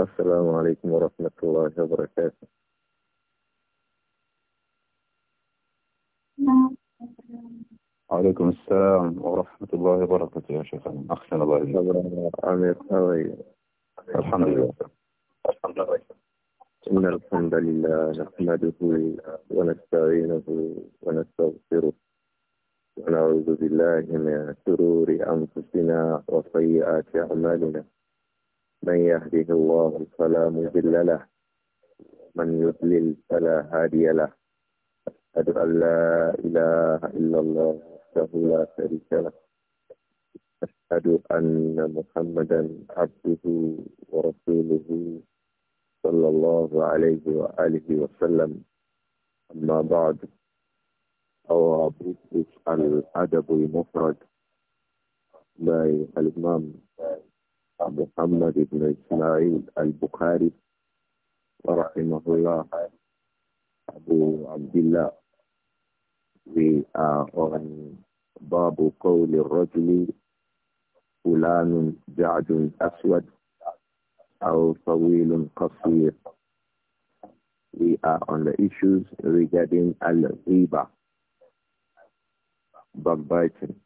السلام عليكم ورحمة الله وبركاته وعليكم السلام ورحمة الله وبركاته يا شيخ أحسن الله يجزيك أمير الحمد لله الحمد لله إن الحمد لله نحمده ونستعينه ونستغفره ونعوذ بالله من شرور أنفسنا وسيئات أعمالنا من يهده الله فلا مضل له من يضلل فلا هادي له أشهد أن لا إله إلا الله وحده لا شريك له أشهد أن محمدا عبده ورسوله صلى الله عليه وآله وسلم أما بعد our book is Al-Adab al-Mufrad by Al-Imam Muhammad ibn Ismail al-Bukhari rahimahullah Abu Abdullah. We are on Babu Qawl al-Rajuli فلان جعد أسود أو طويل قصير. We are on the issues regarding al-riba, backbiting.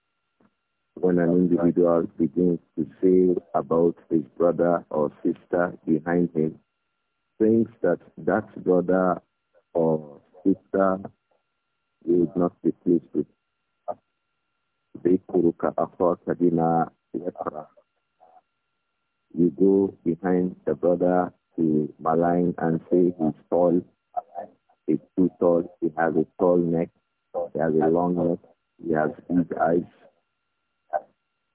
When an individual begins to say about his brother or sister behind him, things that that brother or sister would not be pleased with. Bikuruka You go behind the brother to malign and say he's tall, he's too tall, he has a tall neck, he has a long neck, he has big eyes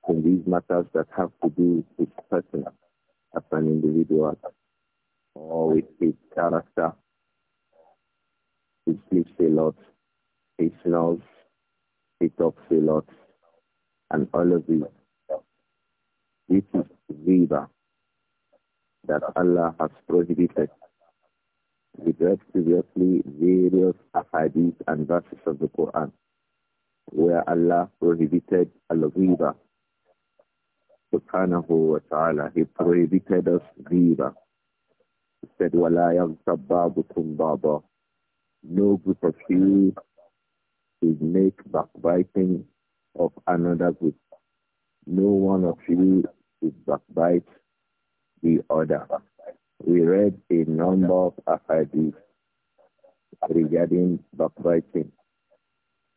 in these matters that have to do with person as an individual or with his character. He sleeps a lot. He snores, He talks a lot. And all of this. This is riba that Allah has prohibited We read previously various ahadith and verses of the Quran where Allah prohibited al-ghiba. Subhanahu wa ta'ala, He prohibited us ghiba. He said, وَلَا يَغْتَبْ بَعْضُكُمْ بَعْضًا No group of you should make backbiting of another group. No one of you should backbite the other. We read a number of ahadith regarding backbiting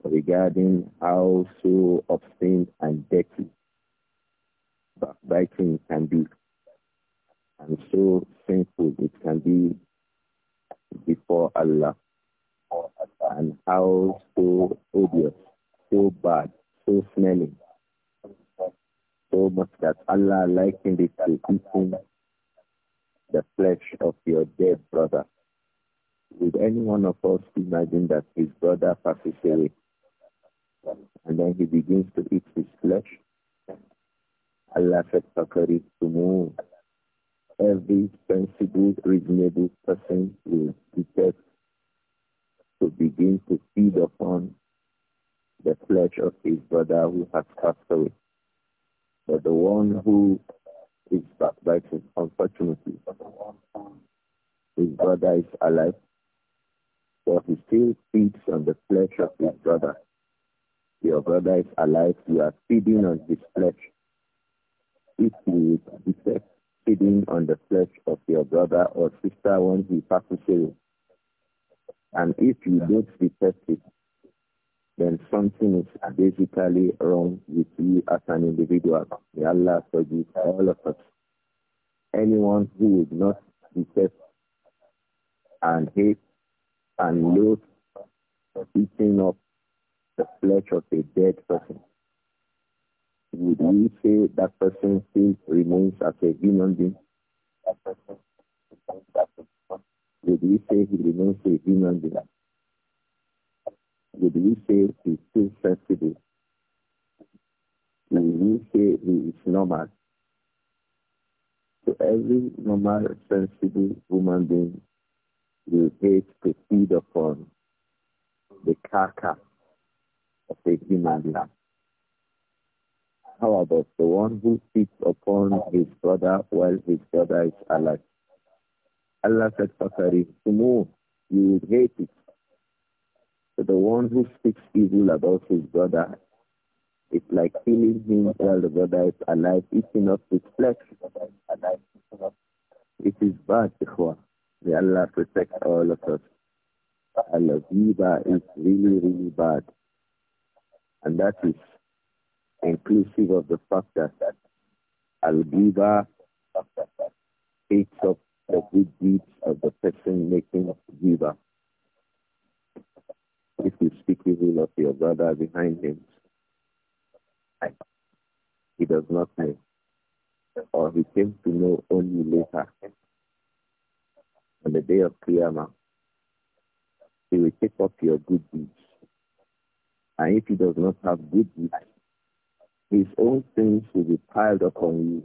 regarding how so obscene and dirty backbiting can be, and so sinful it can be before Allah, and how so odious, so bad, so smelly, so much that Allah likened it to eating the flesh of your dead brother. Would any one of us imagine that his brother passes away? And then he begins to eat his flesh. Allah said, Fakari move. Every sensible, reasonable person will detect to begin to feed upon the flesh of his brother who has passed away. But the one who is backbiting, unfortunately, his brother is alive, but he still feeds on the flesh of his brother your brother is alive, you are feeding on his flesh. If he is feeding on the flesh of your brother or sister when he passes away, and if you don't detect it, then something is basically wrong with you as an individual. May Allah forgive all of us. Anyone who would not detect and hate and loathe eating up the flesh of a dead person, would we say that person still remains as a human being? Would we say he remains a human being? Would we say he still sensitive? Would we say he is normal? So every normal, sensible human being will hate to feed upon the carcass of a human lamb. the one who sits upon his brother while his brother is alive? Allah said, Fakari, you will hate it. So the one who speaks evil about his brother, it's like killing him while the brother is alive, eating up his flesh. It is bad, Ikhwa. May Allah protect all of us. Allah, ghiba is really, really bad. And that is inclusive of the fact that Al-Ghiba takes up the good deeds of the person making giver. If you speak evil of your brother behind him, he does not know, or he came to know only later. On the day of Qiyamah, he will take up your good deeds and if he does not have good life, his own things will be piled upon you.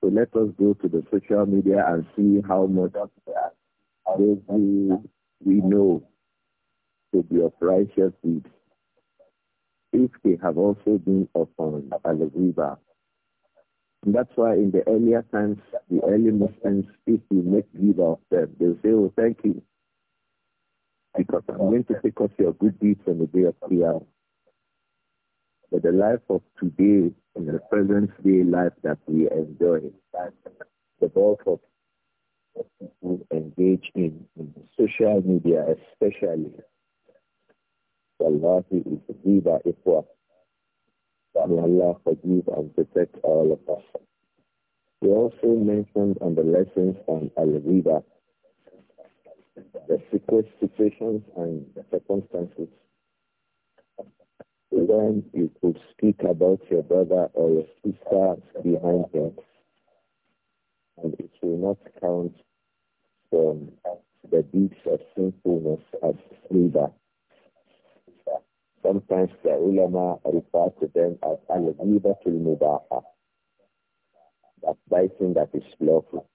So let us go to the social media and see how much those who we know to be of righteous deeds, if they have also been upon al And That's why in the earlier times, the early Muslims, if you make riba of them, they'll say, oh, thank you because I'm going to pick up your good deeds on the day of Qiyamah. But the life of today and the present day life that we enjoy, the bulk of people engage in, in social media especially, Allah is Ziba Ifwa. May Allah forgive and protect all of us. We also mentioned on the lessons on Al-Riba the situations and circumstances when you could speak about your brother or your sister behind them, and it will not count from the deeds of sinfulness as slander. Sometimes the ulama refer to them as al-ghibatul mubaha, that biting that is lawful.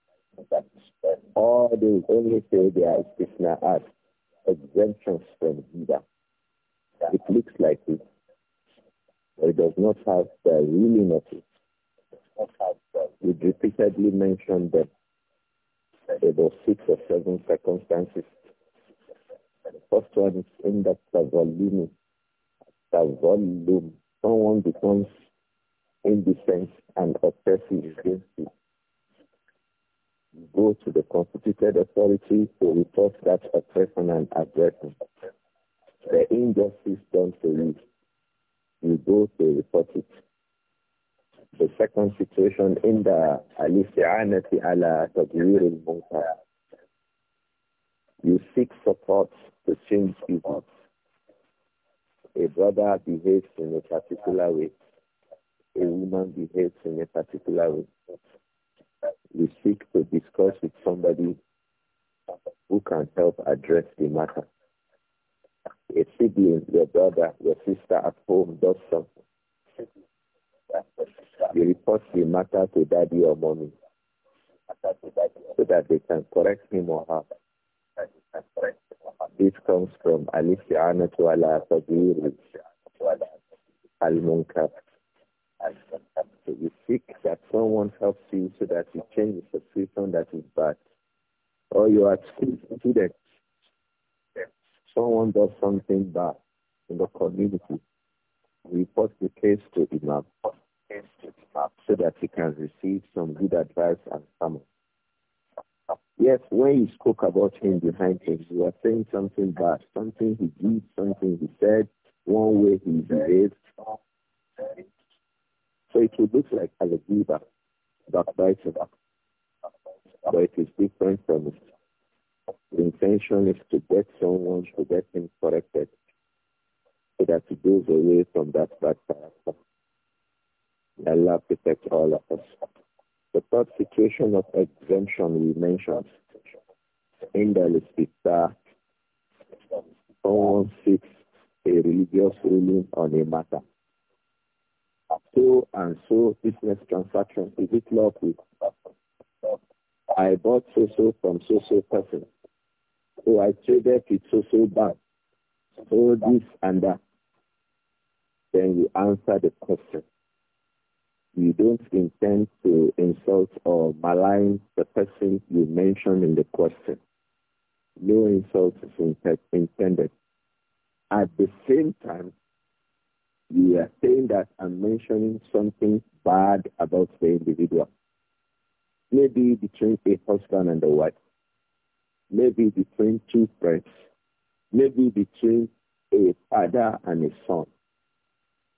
All they only say they are istisna as exemptions from either. It looks like it, but it does not have the ruling of it. We repeatedly mentioned that there six or seven circumstances. The first one is in the Tavallini. Tavallum. Someone becomes indecent and oppressive against you go to the constituted authority to report that oppression and aggression. The injustice done to you, you go to report it. The second situation in the Alistianati ala Tadwir al You seek support to change people. A brother behaves in a particular way. A woman behaves in a particular way we seek to discuss with somebody who can help address the matter. A sibling, your brother, your sister at home does something. You report the matter to daddy or mommy so that they can correct him or her. This comes from Alicia Anatuala Fadil al someone helps you so that you change the situation that is bad. Or you are students. Someone does something bad in the community. Report the case to Imam so that he can receive some good advice and some. Yes, when you spoke about him behind him, you were saying something bad, something he did, something he said, one way he behaved, so it would look like as a giver that buys it up. But it is different from it. The intention is to get someone to get him corrected so that he goes away from that bad character. May Allah protect all of us. The third situation of exemption we mentioned, Indal is that someone seeks a religious ruling on a matter so and so business transaction. Is it lawful? I bought so-so from so-so person. So I traded it so-so bad. So this and that. Then you answer the question. You don't intend to insult or malign the person you mentioned in the question. No insult is intended. At the same time, you are saying that I'm mentioning something bad about the individual. Maybe between a husband and a wife. Maybe between two friends. Maybe between a father and a son.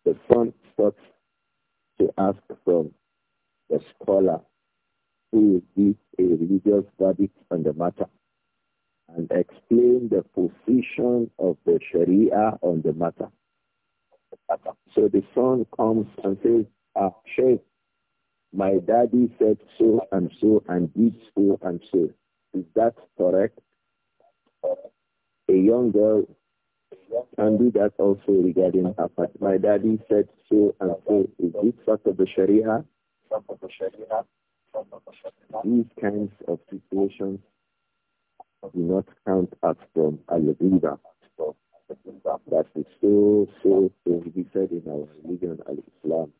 The son starts to ask from the scholar who will give a religious verdict on the matter and explain the position of the Sharia on the matter. So the son comes and says, ah, Sheikh, my daddy said so and so and did so and so. Is that correct? A young girl can do that also regarding her father. My daddy said so and so. Is it part of the Sharia? These kinds of situations do not count as from al-Ghiba that is so, so said in our religion, islam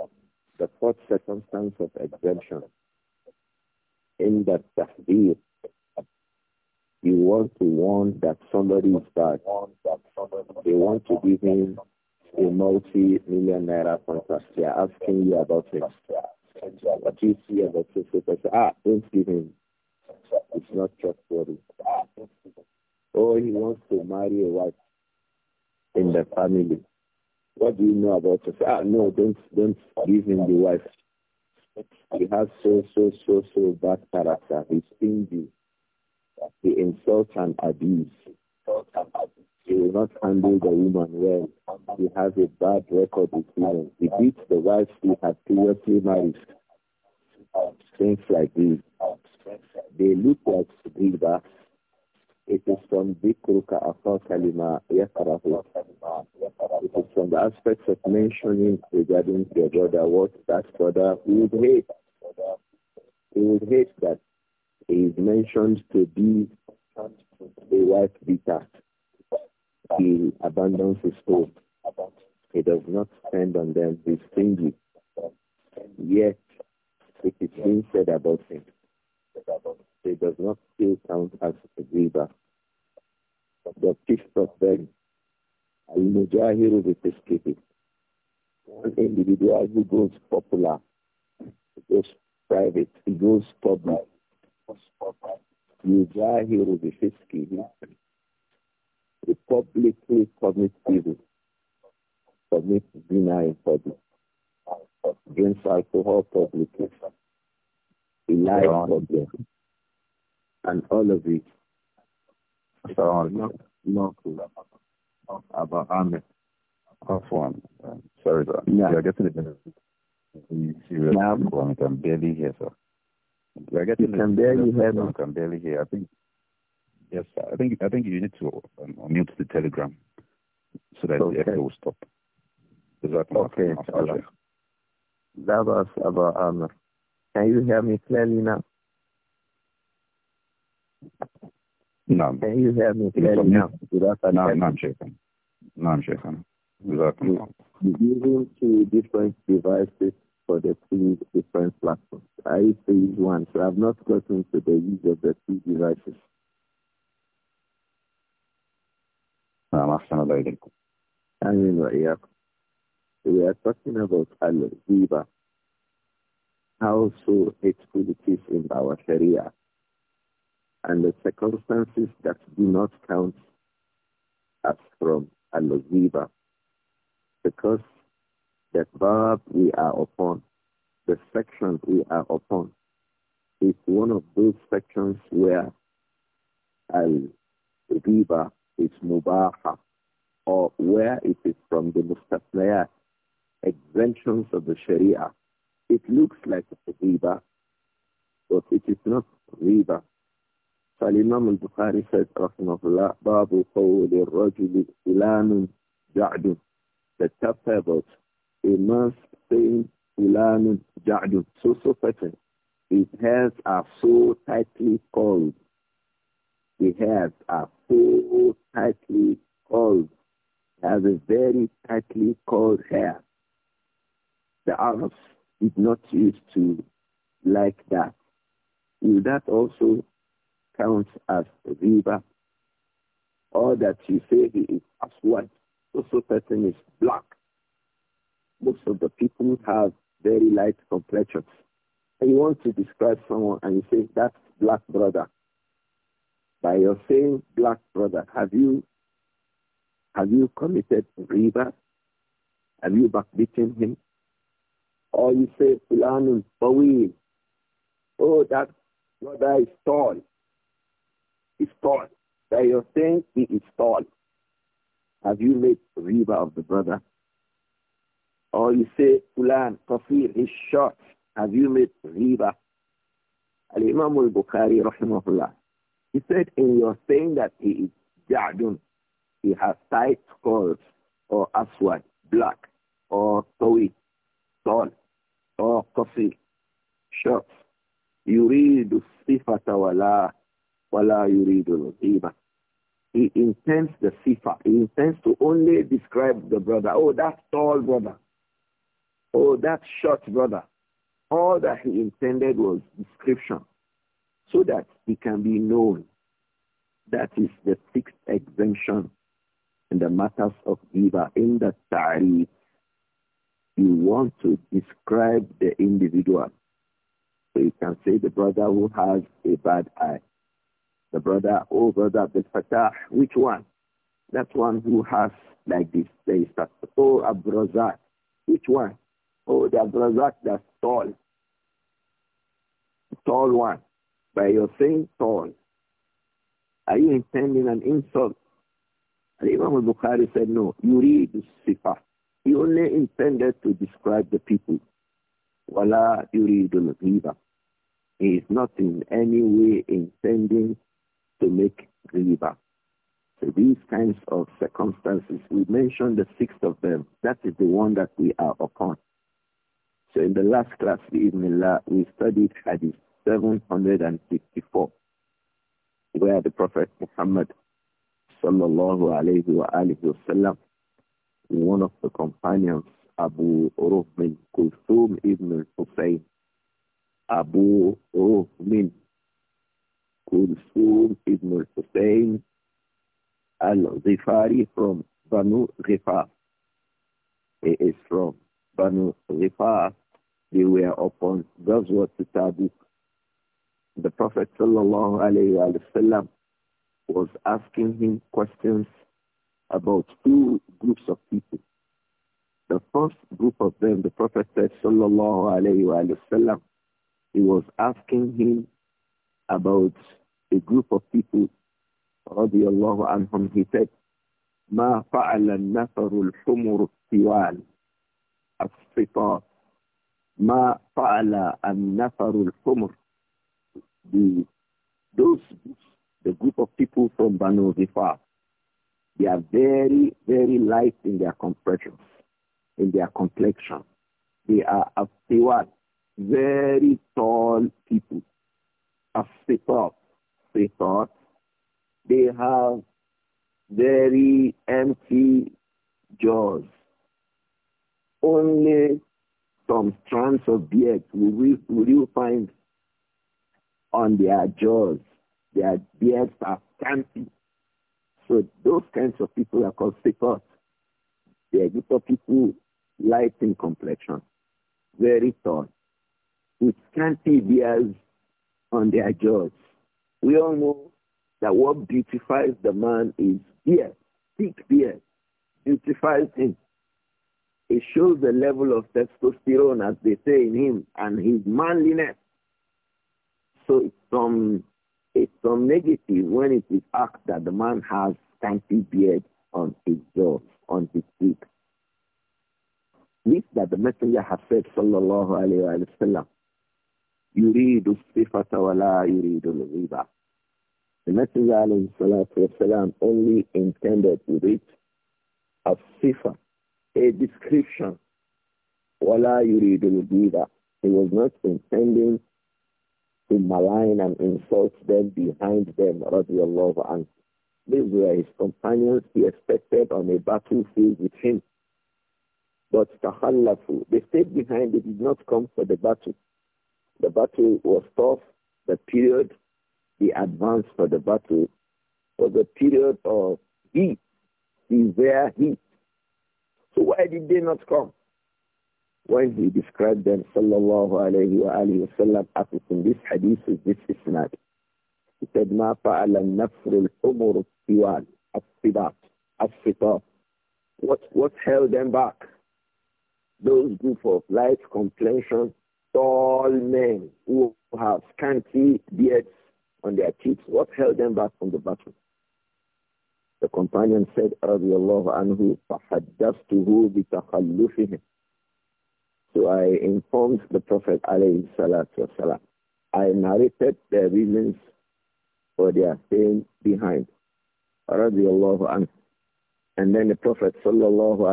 um, The fourth circumstance of exemption, in that tahdir, you want to warn that somebody is bad. They want to give him a multi-million naira contract. They are asking you about him. What do you see about this person? Ah, don't give him. It's not trustworthy or oh, he wants to marry a wife in the family. What do you know about this? Ah, no, don't don't give him the wife. He has so so so so bad character. He's stingy. He insults and abuse. He will not handle the woman well. He has a bad record with women. He beats the wife he had previously married. Things like this. They look like Bilba it is from Dhikruka Afa Kalima Yakarahu. It is from the aspects of mentioning regarding your brother what that brother would hate. He would hate that he is mentioned to be a wife beater. He abandons his hope. He does not spend on them. He's stingy. Yet, it is being said about him it does not still count as a riba. The fifth of them, al-mujahiru bi One individual who goes popular, he goes private, he goes public, yujahiru bi the publicly commits evil, commits zina in public, against alcohol publicly, he lies publicly and all of it. Assalamu alaikum. Abba Ahmed. Afwan. Um, sorry, sir. Yeah. You are getting it. Serious. Now, I can barely hear, sir. We are getting you can barely hear. I can barely hear. I think. Yes, sir. I think I think you need to um, unmute the telegram so that okay. the echo will stop. Is that okay? That was Abba Amr. Can you hear me clearly now? No, نعم نعم نعم شيخنا I'm جزاكم You Using two different devices for the three different platforms. I used to use one, so I've not gotten to the use of the two devices. نعم أحسن about إليكم. آمين وإياكم. We are talking about al-riba, how so hateful it is in our Sharia and the circumstances that do not count as from al-ghiba because the verb we are upon, the section we are upon, is one of those sections where al-ghiba is mubaha or where it is from the musta'faya exemptions of the sharia. It looks like a riba, but it is not riba فالإمام البخاري said رحمه الله باب قول الرجل فلان جعد the chapter about a man's saying فلان جعد so so person his hairs are so tightly called the hairs are so tightly called has a very tightly called hair the Arabs did not used to like that will that also Count as river. or that you say he is white. Also, person is black. Most of the people have very light complexions. And you want to describe someone and you say, that's black brother. By your saying black brother, have you have you committed river? Have you backbiting him? Or you say, Fulanun Bawi. Oh, that brother is tall is tall. That your saying he is tall. Have you made riba of the brother? Or you say, Fulan, Kafir is short. Have you made riba? Al-Imam al-Bukhari, rahimahullah, he said, in your saying that he is ja'dun, he has tight curls, or aswad, black, or tawi, tall, or kafir, short. You read the sifata wa وَلَا يُرِيدُ الْغِيبَةِ He intends the sifa. He intends to only describe the brother. Oh, that tall brother. Oh, that short brother. All that he intended was description so that he can be known. That is the sixth exemption in the matters of Giba. In the Tariq, you want to describe the individual. So you can say the brother who has a bad eye. The brother, or oh, brother the Fattah, which one? That one who has like this, there is that, oh a Razak, which one? Oh, the Abdul that's tall. Tall one. By your saying tall, are you intending an insult? And Imam al-Bukhari said, no, you read the sifa. He only intended to describe the people. Wala yuridul ghiba. He is not in any way intending to make riba. So these kinds of circumstances, we mentioned the sixth of them. That is the one that we are upon. So in the last class, we studied Hadith 764, where the Prophet Muhammad sallallahu alayhi wa wasallam, one of the companions, Abu Uruf bin Kulthum ibn Hussein, Abu Uruf bin Kulsum ibn Hussein al-Zifari from Banu Rifah. He from Banu Rifah. They were upon Ghazwat Tabuk. The Prophet sallallahu alayhi wasallam was asking him questions about two groups of people. The first group of them, the Prophet said, sallallahu alayhi wasallam, he was asking him about a group of people, radiallahu anhum, he said, ما فعل النفر الحمر السوال الصفات ما فعل النفر الحمر the, those the group of people from Banu Zifar they are very very light in their complexion. in their complexion they are as very tall people as sifat, they have very empty jaws. Only some strands of beard will, will you find on their jaws. Their beards are scanty. So those kinds of people are called sifat. They are group of people light in complexion, very tall, with scanty beards on their jaws. We all know that what beautifies the man is beard, thick beard, beautifies him. It shows the level of testosterone, as they say in him, and his manliness. So it's some, it's some negative when it is asked that the man has scanty beard on his jaw, on his cheek. This that the messenger has said, sallallahu alayhi wa sallam, يريد الصفة ولا يريد الغيبة. The Messenger of Allah wasalam only intended with it a sifa, a description. Wala yuridu al He was not intending to malign and insult them behind them, radiallahu anhu. These were his companions he expected on a battlefield with him. But tahallafu, they stayed behind, they did not come for the battle. The battle was tough. The period the advance for the battle was a period of heat, severe heat. So why did they not come? When he described them, sallallahu alayhi wa alayhi wa sallam, after this hadith is this isnad. He said, مَا فَعَلَ النَّفْرُ الْحُمُرُ السِّوَالِ السِّبَاطِ السِّطَاطِ What, what held them back? Those group of light complexion tall men who have scanty beards on their cheeks. What held them back from the battle? The companion said, Allah anhu, فَحَدَّثْتُهُ بِتَخَلُّفِهِمْ So I informed the Prophet alayhi salatu I narrated the reasons for their staying behind. Radiallahu And then the Prophet sallallahu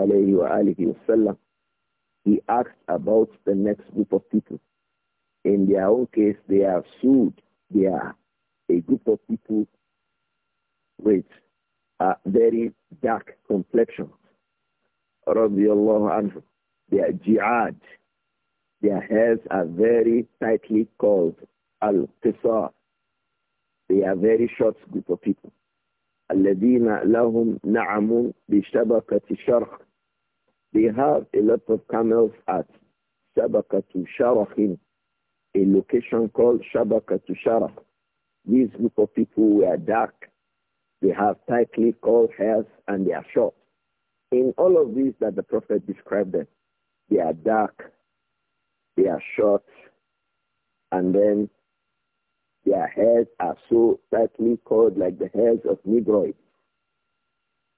he asked about the next group of people. In their own case, they have sued. They are a group of people with a very dark complexion. They are jihad. Their hairs are very tightly curled. Al-Qisar. They are very short group of people. الذين لهم نعم بشبكة شرق they have a lot of camels at Shabakatu Sharafin, a location called Shabakatu Sharaf. These group of people were dark. They have tightly curled hairs and they are short. In all of these that the Prophet described them, they are dark, they are short, and then their hairs are so tightly curled like the hairs of Negroids.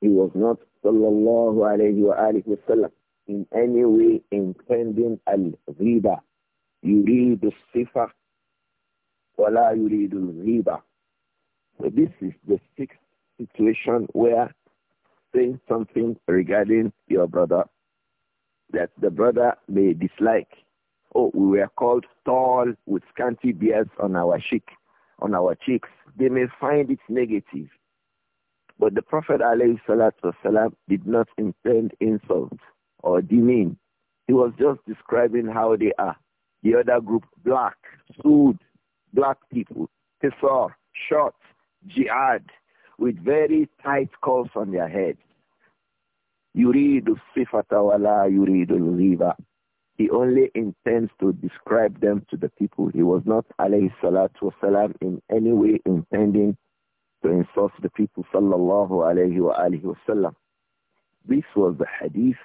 He was not sallallahu alayhi wa alihi wa sallam, in any way intending al-riba. يريد الصفة ولا يريد الغيبة. So this is the sixth situation where saying something regarding your brother that the brother may dislike. Oh, we were called tall with scanty beards on our cheek, on our cheeks. They may find it negative. But the Prophet والسلام, did not intend insult or demean. He was just describing how they are. The other group, black, Sud, black people, Hisar, short, jihad, with very tight curls on their heads. Yuridu sifata wala yuridu riba. He only intends to describe them to the people. He was not, alayhi salatu wasalam, in any way intending to insult the people sallallahu alayhi wa alihi wasallam. This was the hadith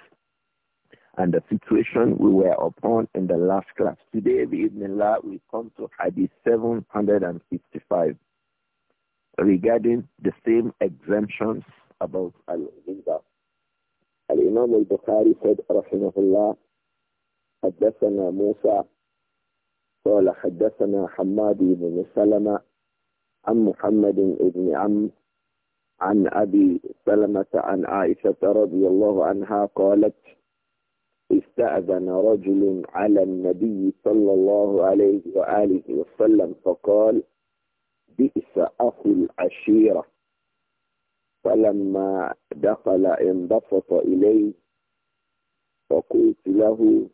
and the situation we were upon in the last class. Today, we come to hadith 755 regarding the same exemptions about al-ghiba. Al-Imam al-Bukhari said, rahimahullah, حدثنا موسى قال حدثنا حماد بن سلمة عن محمد بن عم عن أبي سلمة عن عائشة رضي الله عنها قالت استأذن رجل على النبي صلى الله عليه وآله وسلم فقال بئس أخو العشيرة فلما دخل انبسط إليه فقلت له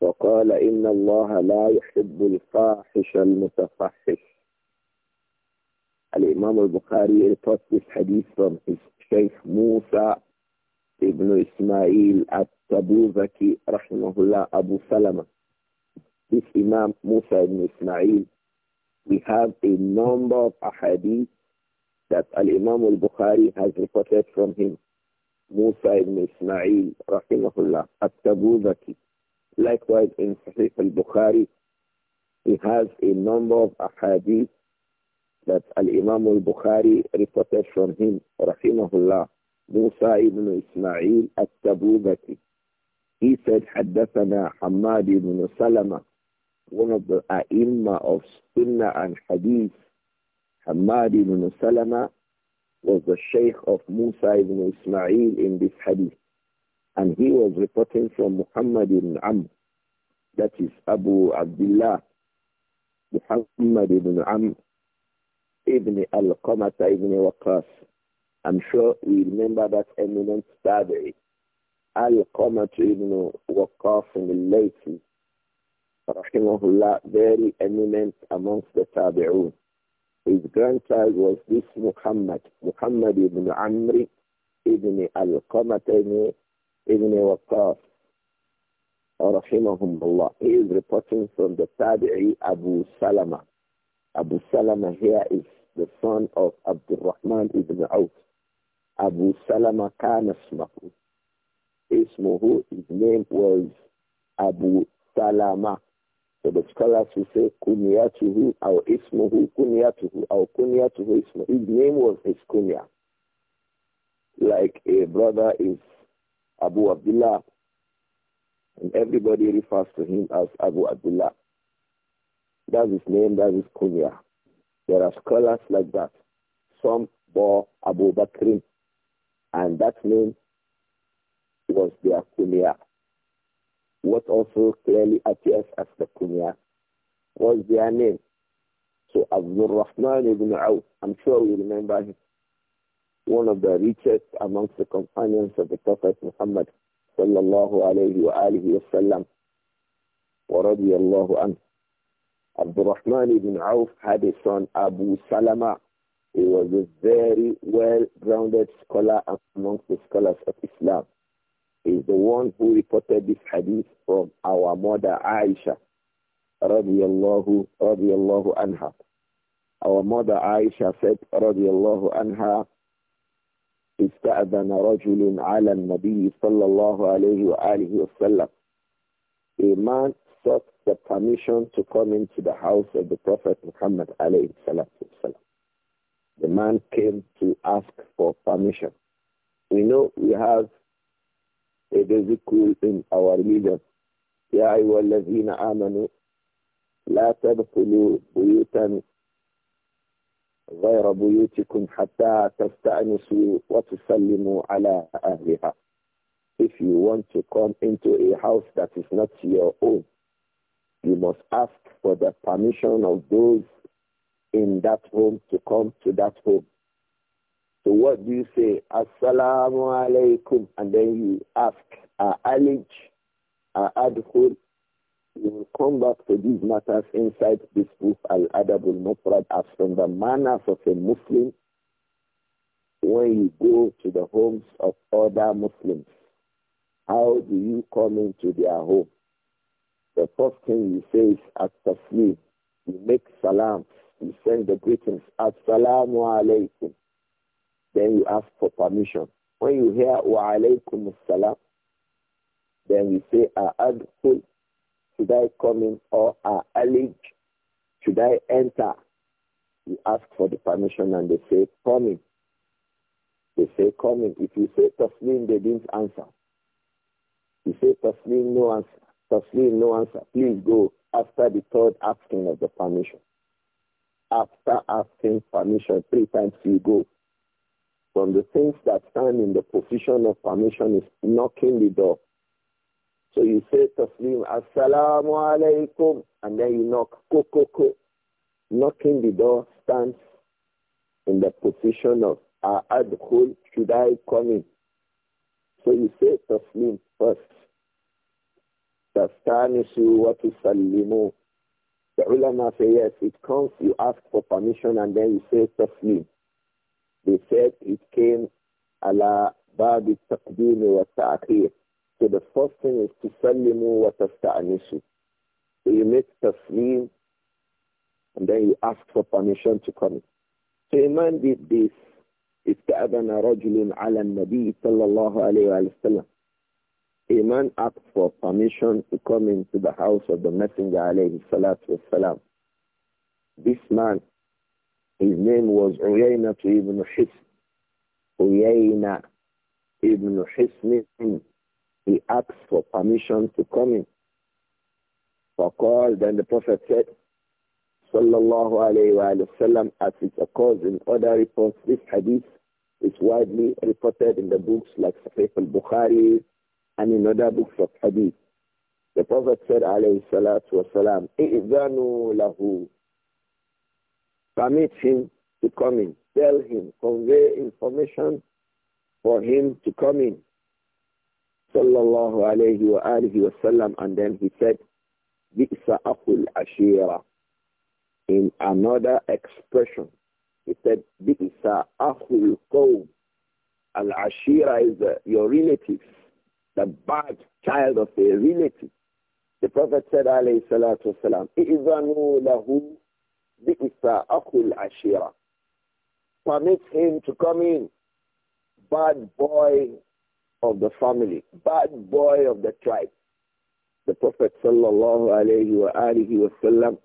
فقال إن الله لا يحب الفاحش المتفحش Al-Imam al-Bukhari reported this hadith from his Sheikh Musa ibn Ismail at-Tabuzaki rahimahullah Abu Salama. This Imam Musa ibn Ismail, we have a number of ahadith that Al-Imam al-Bukhari has reported from him. Musa ibn Ismail rahimahullah at-Tabuzaki. Likewise in Sahih al-Bukhari, he has a number of ahadith that Al-Imam al-Bukhari reported from him, rahimahullah, Musa ibn Ismail at-Tabubati. He said, حدثنا حماد ibn Salama, one of the ai of Sunnah and Hadith. Hamad ibn Salama was the Shaykh of Musa ibn Ismail in this Hadith. And he was reporting from Muhammad ibn Amr, that is Abu Abdullah, Muhammad ibn Amr, ibn al-Qamata ibn Waqas. I'm sure we remember that eminent tabi'i. Al-Qamata ibn Waqas the late, Rahimahullah, very eminent amongst the tabi'un. His grandchild was this Muhammad, Muhammad ibn Amr ibn al-Qamata ibn, ibn Waqas. Rahimahumullah. He is reporting from the Tabi'i Abu Salama. Abu Salama here is the son of Abdul Rahman ibn Auf. Abu Salama kana ismahu. Ismuhu, his name was Abu Salama. So the scholars will say kunyatuhu or ismuhu kunyatuhu or kunyatuhu ismuhu. His name was his Like a brother is Abu Abdullah and everybody refers to him as Abu Abdullah. That's his name, that's his kunya. There are scholars like that. Some bore Abu Bakr, and that name was their kunya. What also clearly appears as the kunya was their name. So Abdul Rahman ibn Auf, I'm sure you remember him, one of the richest amongst the companions of the Prophet Muhammad sallallahu alayhi wa alihi wa sallam wa radiyallahu anhu. Abdul Rahman ibn Auf had a son, Abu Salama. He was a very well-grounded scholar amongst the scholars of Islam. He is the one who reported this hadith from our mother Aisha, radiyallahu, radiyallahu anha. Our mother Aisha said, radiyallahu anha, استأذن رجل على النبي صلى الله عليه وآله وسلم. A man sought the permission to come into the house of the Prophet Muhammad alayhi salatu wasalam. The man came to ask for permission. We know we have a basic rule in our religion. يا أيها الذين آمنوا لا تدخلوا بيوتا غير بيوتكم حتى تستأنسوا وتسلموا على أهلها. If you want to come into a house that is not your own, you must ask for the permission of those in that home to come to that home. So what do you say? Assalamu alaikum. And then you ask, ah, Alij, ah, Adhul. You will come back to these matters inside this book, Al-Adab al-Mufrad, as from the manners of a Muslim when you go to the homes of other Muslims. How do you come into their home? The first thing he says at Taslim, you make salam, you send the greetings, Assalamu alaikum. Then you ask for permission. When you hear Wa alaikum assalam, then you say A'adkul, should I come in or A'alik, should I enter? You ask for the permission and they say come in. They say come in. If you say Taslim, they didn't answer. You say Taslim, no answer. Taslim, no answer. Please go after the third asking of the permission. After asking permission three times, you go. From the things that stand in the position of permission is knocking the door. So you say Taslim, Assalamu alaikum, and then you knock, ko, ko, ko. Knocking the door stands in the position of A'adkhul, ah, should I come in? So you say Taslim first. تستانسوا وتسلموا the ulama say yes, it comes, you ask for permission and then you say taslim. They said it came ala babi taqdeem wa ta'khir. So the first thing is to sallimu wa tasta'anisu. So you make taslim and then you ask for permission to come So a man did this. استأذن رجل على النبي صلى الله عليه وسلم a man asked for permission to come into the house of the Messenger alayhi salatu wasalam. This man, his name was Uyayna ibn Hisn. Uyayna ibn Hisn, he asked for permission to come in. For call, then the Prophet said, sallallahu alayhi wa sallam, as it occurs in other reports, this hadith is widely reported in the books like Sahih al-Bukhari, and in other books of hadith. The Prophet said, alayhi salatu wasalam, إِذَانُوا لَهُ Permit him to come in. Tell him, convey information for him to come in. Sallallahu alayhi wa alihi wasallam. And then he said, بِئْسَ أَخُ ashira In another expression, he said, بِئْسَ qawm الْقَوْمِ Al-Ashira is uh, your relatives the bad child of a relative. The Prophet said, alayhi salatu wasalam, إِذَنُوا لَهُ بِإِسَىٰ أَخُ الْعَشِيرَةِ Permit him to come in. Bad boy of the family. Bad boy of the tribe. The Prophet sallallahu alayhi wa alihi wasallam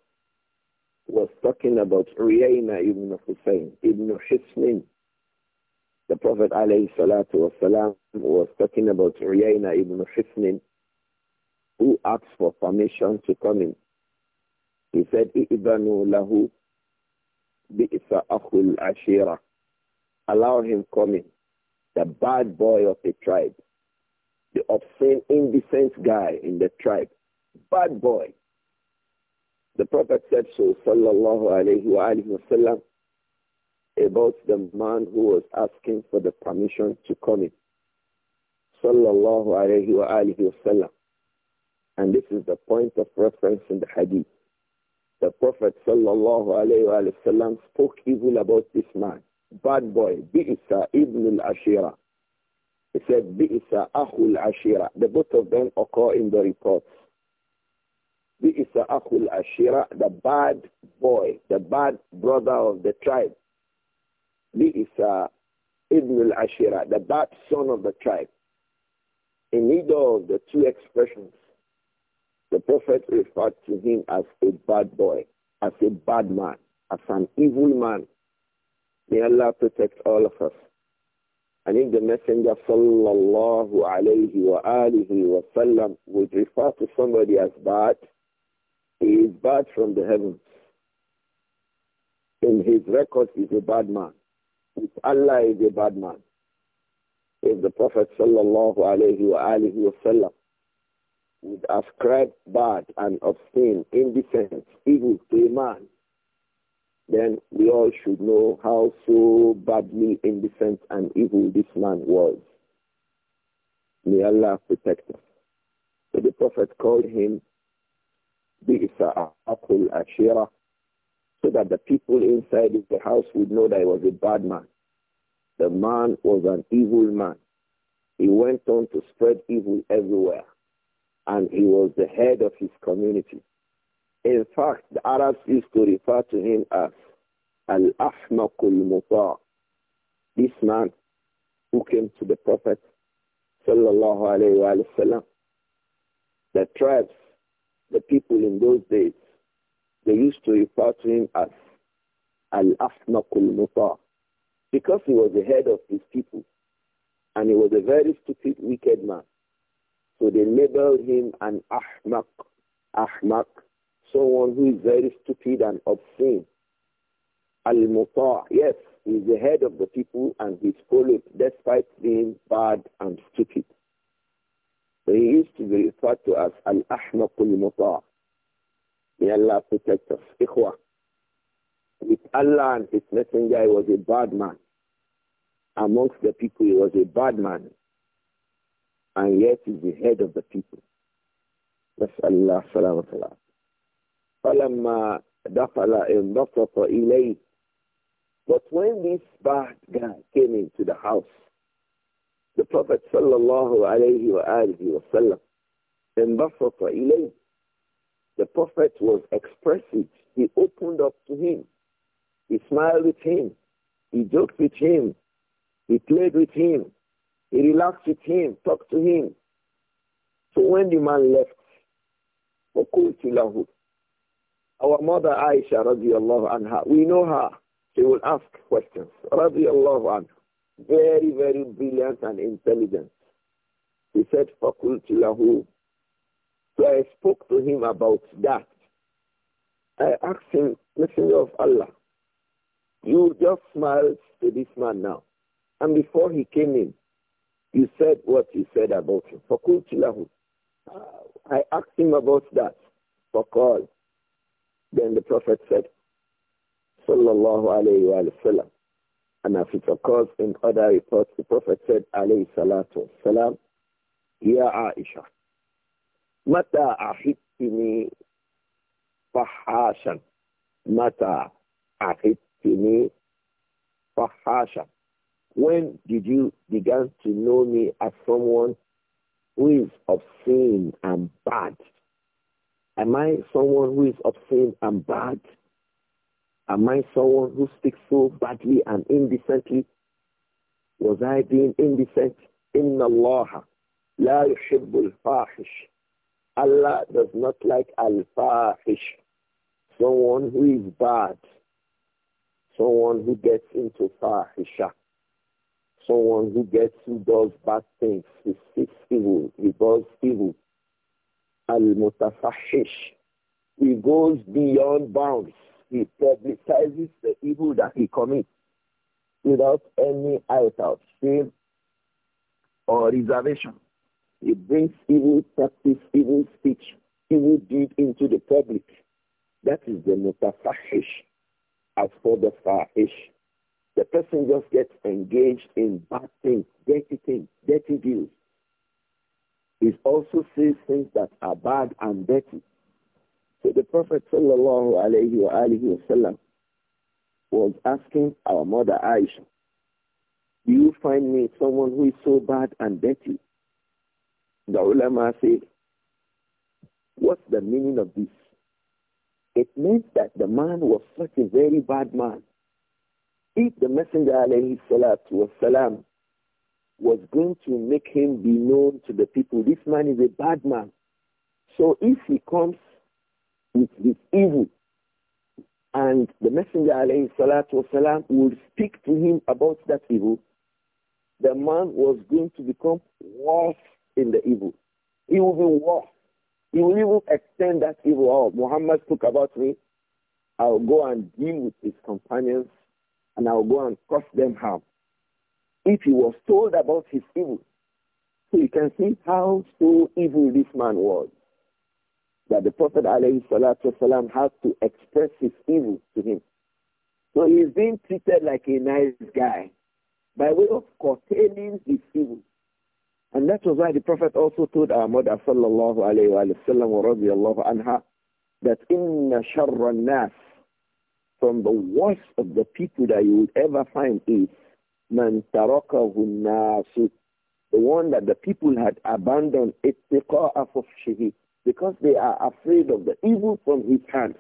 was talking about Uyayna ibn Hussein, ibn Hussein, the Prophet والسلام, was talking about Uyayna ibn Hisnin, who asked for permission to come in. He said, Ibanu lahu bi'isa akhul ashira. Allow him come in. The bad boy of the tribe. The obscene, indecent guy in the tribe. Bad boy. The Prophet said so, sallallahu alayhi wa alayhi wa sallam, about the man who was asking for the permission to come in. Sallallahu alayhi wa wasallam. And this is the point of reference in the hadith. The Prophet sallallahu alayhi wa sallam spoke evil about this man. Bad boy, Bi'isa ibn al-Ashira. He said, Bi'isa akhul ashira. The both of them occur in the reports. Bi'isa akhul ashira, the bad boy, the bad brother of the tribe the is Ibn al-Ashira, the bad son of the tribe. In either of the two expressions, the Prophet referred to him as a bad boy, as a bad man, as an evil man. May Allah protect all of us. And if the Messenger sallallahu alayhi wa alihi wa sallam would refer to somebody as bad, he is bad from the heavens. In his records, he's a bad man. If Allah is a bad man, if the Prophet sallallahu alayhi wa wa sallam would ascribe bad and obscene, indecent, evil to a man, then we all should know how so badly indecent and evil this man was. May Allah protect us. So the Prophet called him Bi'sa Aqul Ashira so that the people inside the house would know that he was a bad man. The man was an evil man. He went on to spread evil everywhere, and he was the head of his community. In fact, the Arabs used to refer to him as Al-Ahmaqul Muta. This man who came to the Prophet sallallahu alayhi wasallam, The tribes, the people in those days, they used to refer to him as Al-Afnaqul Muta because he was the head of his people and he was a very stupid, wicked man. So they labeled him an Ahmak, Ahmak, someone who is very stupid and obscene. Al-Muta, yes, he is the head of the people and he's followed despite being bad and stupid. So he used to be referred to as Al-Ahmaq al May Allah protect us. Ikhwa. With Allah and His Messenger, he was a bad man. Amongst the people, he was a bad man. And yet he's the head of the people. نسأل الله السلامة والعافية. فلما دخل But when this bad guy came into the house, the Prophet sallallahu alayhi wa alihi wa sallam انبسط the Prophet was expressive. He opened up to him. He smiled with him. He joked with him. He played with him. He relaxed with him, talked to him. So when the man left, our mother Aisha radiallahu anha, we know her. She will ask questions. Radiallahu anha. Very, very brilliant and intelligent. He said, فَقُلْتُ لَهُ so I spoke to him about that. I asked him, Messenger of Allah, you just smiled to this man now. And before he came in, you said what you said about him. Uh, I asked him about that. Fakul. Then the Prophet said, Sallallahu alayhi Wasallam." And as it occurs in other reports, the Prophet said, alayhi salatu salam, Ya Aisha, Mata ahibtini fahashan. Mata ahibtini fahashan. When did you begin to know me as someone who is obscene and bad? Am I someone who is obscene and bad? Am I someone who speaks so badly and indecently? Was I being indecent? إن الله لا يحب الفاحش Allah does not like al-fahish, someone who is bad, someone who gets into fahisha, someone who gets who does bad things, he seeks evil, he does evil. Al-mutafahish, he goes beyond bounds. He publicizes the evil that he commits without any out of shame or reservation. It brings evil practice, evil speech, evil deed into the public. That is the mutafahish. As for the fahish, the person just gets engaged in bad things, dirty things, dirty deals. It also says things that are bad and dirty. So the Prophet sallallahu alayhi wa alayhi was asking our mother Aisha, do you find me someone who is so bad and dirty the ulama said, what's the meaning of this? It meant that the man was such a very bad man. If the Messenger alayhi salatu wasalam, was going to make him be known to the people, this man is a bad man. So if he comes with this evil, and the Messenger alayhi salatu wasalam, would speak to him about that evil, the man was going to become worse in the evil. It will be worse. He will even extend that evil out. Oh, Muhammad spoke about me. I'll go and deal with his companions and I'll go and cause them harm. If he was told about his evil, so you can see how so evil this man was. That the Prophet ﷺ had to express his evil to him. So he's being treated like a nice guy by way of curtailing his evil. And that was why the Prophet also told our mother sallallahu alayhi wa sallam wa radiallahu anha that inna sharra nas from the worst of the people that you would ever find is man tarakahu nasu the one that the people had abandoned ittiqa'a fufshihi because they are afraid of the evil from his hands.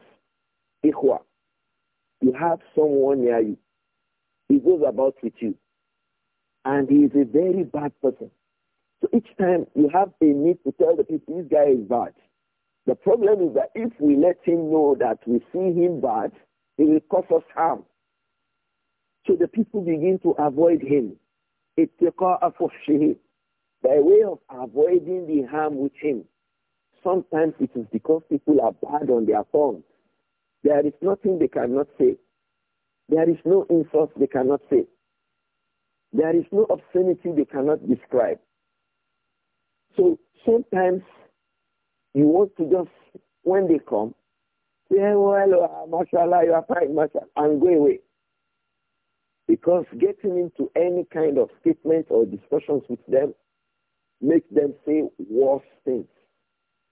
Ikhwa, you have someone near you. He goes about with you. And he is a very bad person. So each time you have a need to tell the people, this guy is bad. The problem is that if we let him know that we see him bad, he will cause us harm. So the people begin to avoid him. It's by way of avoiding the harm with him. Sometimes it is because people are bad on their tongue. There is nothing they cannot say. There is no insult they cannot say. There is no obscenity they cannot describe. So sometimes you want to just, when they come, say, well, uh, mashallah, you are fine, mashallah, and go away. Because getting into any kind of statement or discussions with them makes them say worse things.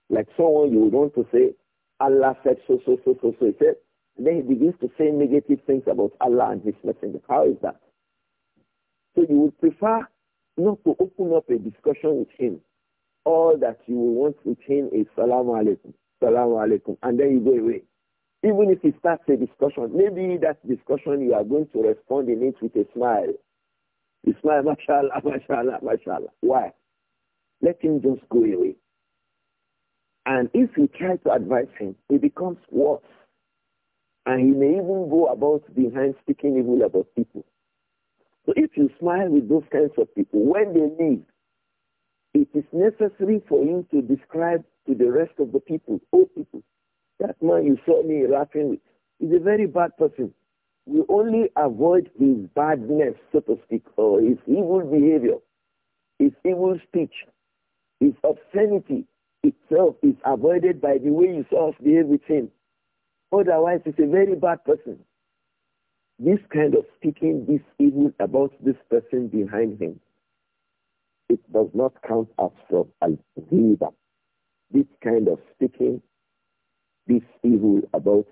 Like someone you would want to say, Allah said so, so, so, so, so. He said, and then he begins to say negative things about Allah and his messenger. How is that? So you would prefer not to open up a discussion with him all that you will want with him is salam alaikum, salam alaikum, and then you go away. Even if he starts a discussion, maybe that discussion you are going to respond in it with a smile. You smile, mashallah, mashallah, mashallah. Why? Let him just go away. And if you try to advise him, it becomes worse. And he may even go about behind speaking evil about people. So if you smile with those kinds of people, when they leave, it is necessary for him to describe to the rest of the people, oh people, that man you saw me laughing with is a very bad person. We only avoid his badness, so to speak, or his evil behavior, his evil speech, his obscenity itself is avoided by the way you saw us behave with him. Otherwise, he's a very bad person. This kind of speaking this evil about this person behind him it does not count as from al-ghiba. This kind of speaking, this evil about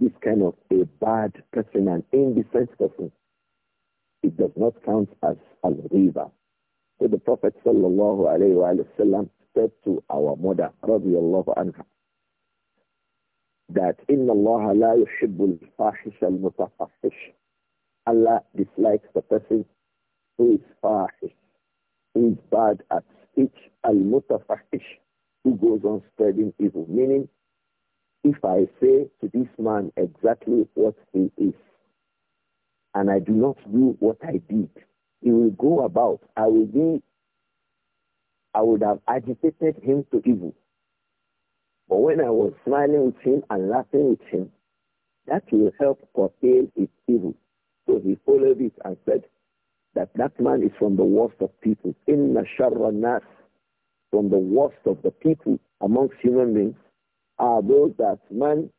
this kind of a bad person, an indecent person, it does not count as al-ghiba. So the Prophet sallallahu alayhi wa sallam said to our mother, radiallahu anha, that إِنَّ اللَّهَ لَا يُحِبُّ الْفَاحِشَ الْمُتَفَحِّشَ Allah dislikes the person who is fahish, is bad at speech, al-mutafahish, who goes on spreading evil. Meaning, if I say to this man exactly what he is, and I do not do what I did, he will go about. I will be, I would have agitated him to evil. But when I was smiling with him and laughing with him, that will help curtail his evil. So he followed it and said, that that man is from the worst of people. Inna sharra nas, from the worst of the people amongst human beings, are those that man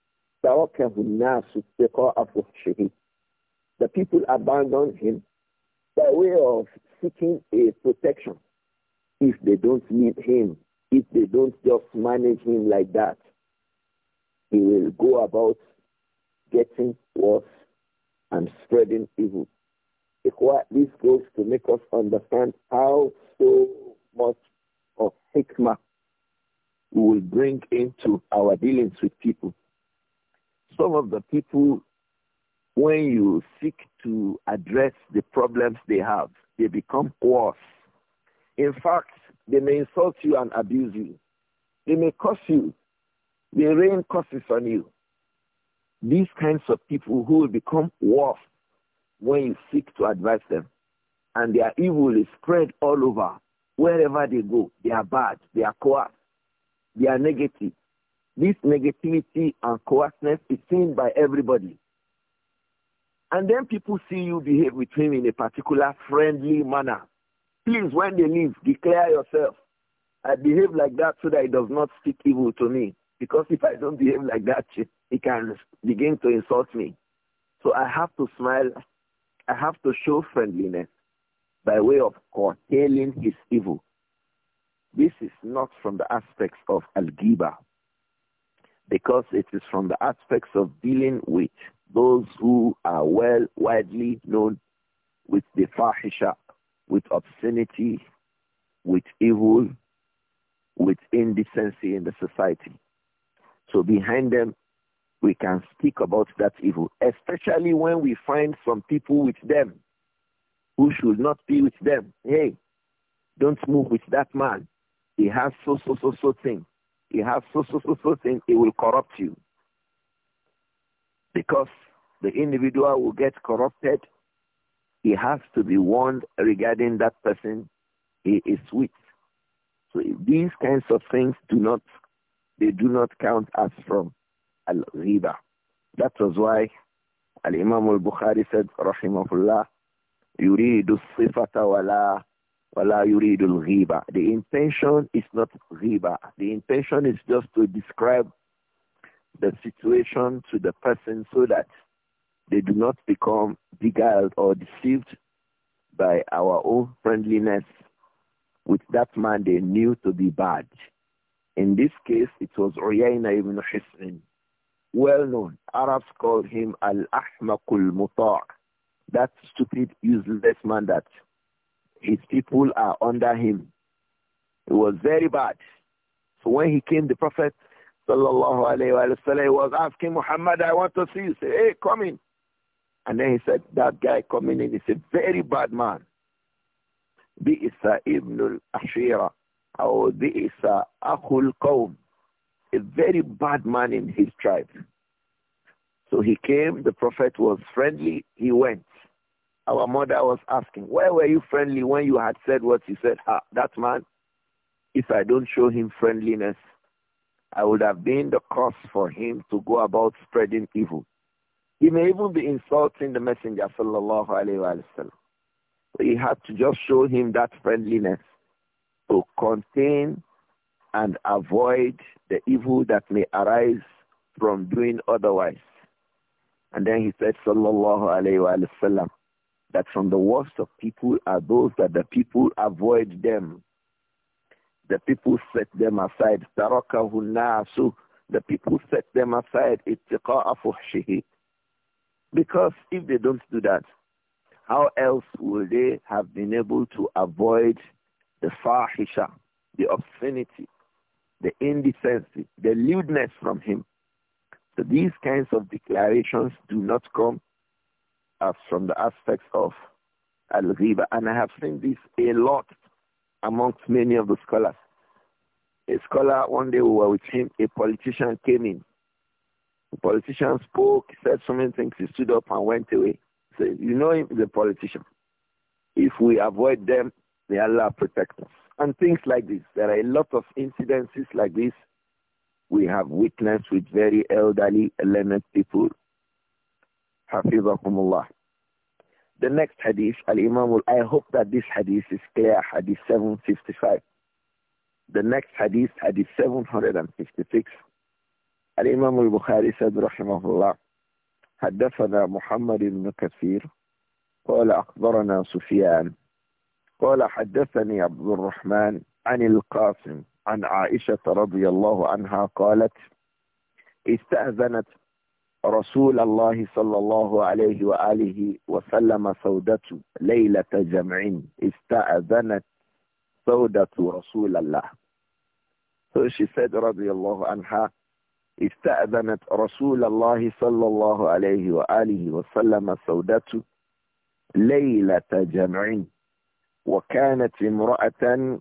تَرَكَهُ النَّاسُ اتِّقَاءَ فُحْشِهِ The people abandon him by way of seeking a protection if they don't need him, if they don't just manage him like that. He will go about getting worse and spreading evil. This goes to make us understand how so much of hikmah we will bring into our dealings with people. Some of the people, when you seek to address the problems they have, they become worse. In fact, they may insult you and abuse you. They may curse you. They rain curses on you. These kinds of people who will become worse when you seek to advise them. And their evil is spread all over. Wherever they go, they are bad, they are coarse, they are negative. This negativity and coarseness is seen by everybody. And then people see you behave with him in a particular friendly manner. Please, when they leave, declare yourself. I behave like that so that it does not speak evil to me. Because if I don't behave like that, he can begin to insult me. So I have to smile I have to show friendliness by way of curtailing his evil. This is not from the aspects of al-ghiba because it is from the aspects of dealing with those who are well widely known with the fahisha, with obscenity, with evil, with indecency in the society. So behind them we can speak about that evil, especially when we find some people with them who should not be with them. Hey, don't move with that man. He has so, so, so, so thing. He has so, so, so, so thing. It will corrupt you. Because the individual will get corrupted. He has to be warned regarding that person he is with. So these kinds of things do not, they do not count as wrong al That was why Al-Imam al-Bukhari said, rahimahullah, yuridu sifata wala wala yuridu al-ghiba. The intention is not riba. The intention is just to describe the situation to the person so that they do not become beguiled or deceived by our own friendliness with that man they knew to be bad. In this case, it was Uyayna ibn Hussein well known. Arabs called him Al-Ahmakul Muta', that stupid, useless man that his people are under him. It was very bad. So when he came, the Prophet sallallahu alayhi wasallam was asking Muhammad, I want to see you. He said, hey, come in. And then he said, that guy coming in is a very bad man. بئس ابن الأشيرة أو بئس أخو القوم a very bad man in his tribe. So he came, the prophet was friendly, he went. Our mother was asking, where were you friendly when you had said what you said? Ah, that man, if I don't show him friendliness, I would have been the cause for him to go about spreading evil. He may even be insulting the messenger, sallallahu alayhi wa sallam. So he had to just show him that friendliness to contain and avoid the evil that may arise from doing otherwise. And then he said, Sallallahu Alaihi Wasallam, that from the worst of people are those that the people avoid them. The people set them aside. Tarakahu nasu. The people set them aside. Ittiqa'a fuhshihi. Because if they don't do that, how else will they have been able to avoid the fahisha, the obscenity, the indecency, the lewdness from him. So these kinds of declarations do not come as from the aspects of al-ghiba. And I have seen this a lot amongst many of the scholars. A scholar, one day we were with him, a politician came in. The politician spoke, said so many things, he stood up and went away. So you know him, the politician. If we avoid them, may Allah protect us and things like this. There are a lot of incidences like this we have witnessed with very elderly, learned people. Hafizahumullah. The next hadith, Al-Imam, I hope that this hadith is clear, hadith 755. The next hadith, hadith 756. الإمام البخاري سيد رحمه الله حدثنا محمد بن كثير قال أخبرنا سفيان قال حدثني عبد الرحمن عن القاسم عن عائشة رضي الله عنها قالت استأذنت رسول الله صلى الله عليه وآله وسلم سودة ليلة جمع استأذنت سودة رسول الله فشي سيد رضي الله عنها استأذنت رسول الله صلى الله عليه وآله وسلم سودة ليلة جمع وكانت امرأة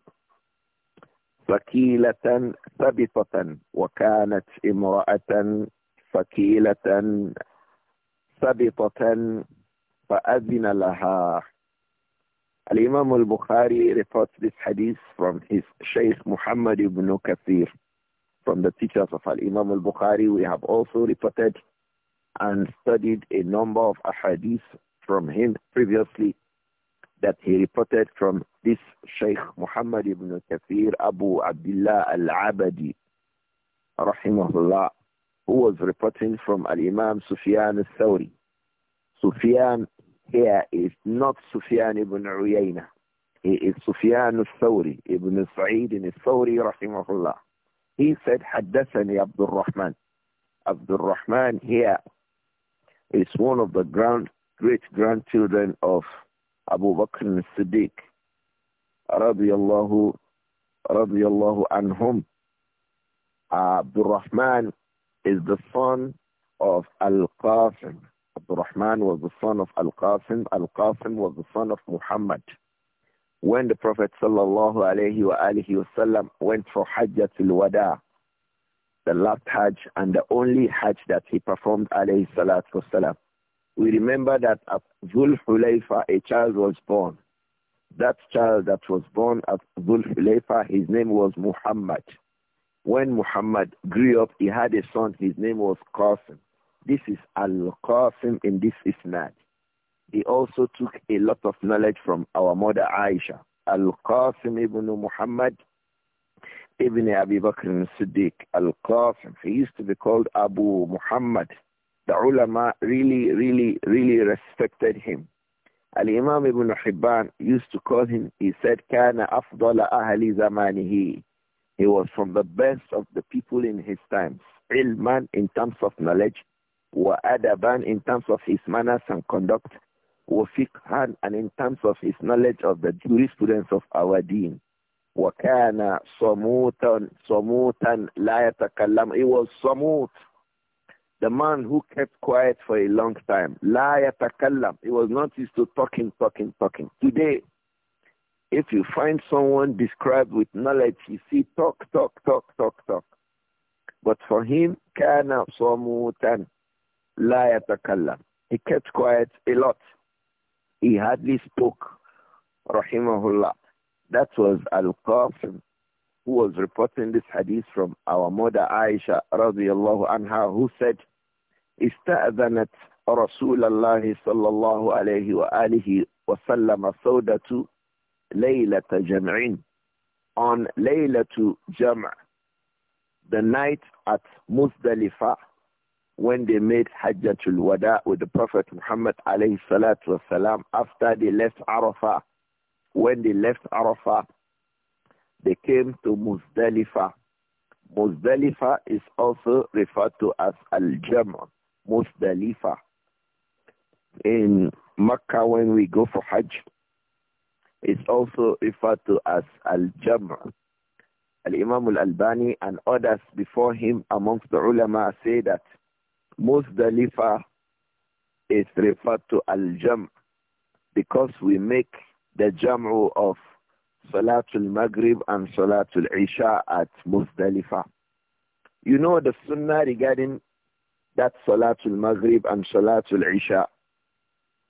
فكيلة ثبتة وكانت امرأة فكيلة ثبتة فأذن لها Al-Imam bukhari reports this hadith from his Shaykh Muhammad ibn Kathir, from the teachers of Al-Imam al-Bukhari. We have also reported and studied a number of hadiths from him previously that he reported from this Sheikh Muhammad ibn Kafir Abu Abdullah al-Abadi, rahimahullah, who was reporting from al-Imam Sufyan al-Thawri. Sufyan here is not Sufyan ibn Uyayna. He is Sufyan al-Thawri, ibn Sa'id al-Thawri, rahimahullah. He said, حدثني عبد الرحمن. عبد الرحمن here is one of the grand, great grandchildren of Abu Bakr as-Siddiq radiyallahu radiyallahu anhum. Uh, Abdul Rahman is the son of Al-Qasim. Abdul Rahman was the son of Al-Qasim. Al-Qasim was the son of Muhammad. When the Prophet sallallahu alayhi wa alihi wasallam went for Hajjatul Wada, the last Hajj and the only Hajj that he performed alayhi salatu wasallam, we remember that at Dhul Hulayfa, a child was born. That child that was born at Dhul Hulayfa, his name was Muhammad. When Muhammad grew up, he had a son. His name was Qasim. This is Al-Qasim in this Isnad. He also took a lot of knowledge from our mother Aisha. Al-Qasim ibn Muhammad ibn Abi Bakr al-Siddiq. Al-Qasim. He used to be called Abu Muhammad the ulama really, really, really respected him. Al-Imam Ibn Hibban used to call him, he said, كَانَ أَفْضَلَ أَهْلِ زَمَانِهِ He was from the best of the people in his times. Ilman in terms of knowledge, وَأَدَبًا in terms of his manners and conduct, hand and in terms of his knowledge of the jurisprudence of our deen. وَكَانَ samutan صَمُوتًا لَا يَتَكَلَّمُ He was صَمُوت the man who kept quiet for a long time. La yatakallam. He was not used to talking, talking, talking. Today, if you find someone described with knowledge, you see talk, talk, talk, talk, talk. But for him, kana samutan la yatakallam. He kept quiet a lot. He hardly spoke. Rahimahullah. That was Al-Qasim who was reporting this hadith from our mother Aisha radiallahu anha who said استأذنت رسول الله صلى الله عليه وآله وسلم سودة ليلة جمع on ليلة جمع the night at مزدلفة when they made حجّة الوداع with the Prophet Muhammad عليه salatu wasalam after they left عرفة When they left عرفة they came to مزدلفة مزدلفة is also referred to as الجمع Muzdalifa in Makkah when we go for Hajj. It's also referred to as Al-Jamr. Al-Imam Al-Albani and others before him amongst the ulama say that Muzdalifa is referred to Al-Jamr because we make the Jam'u of Salatul Maghrib and Salatul Isha at Muzdalifa. You know the sunnah regarding that Salatul Maghrib and Salatul Isha,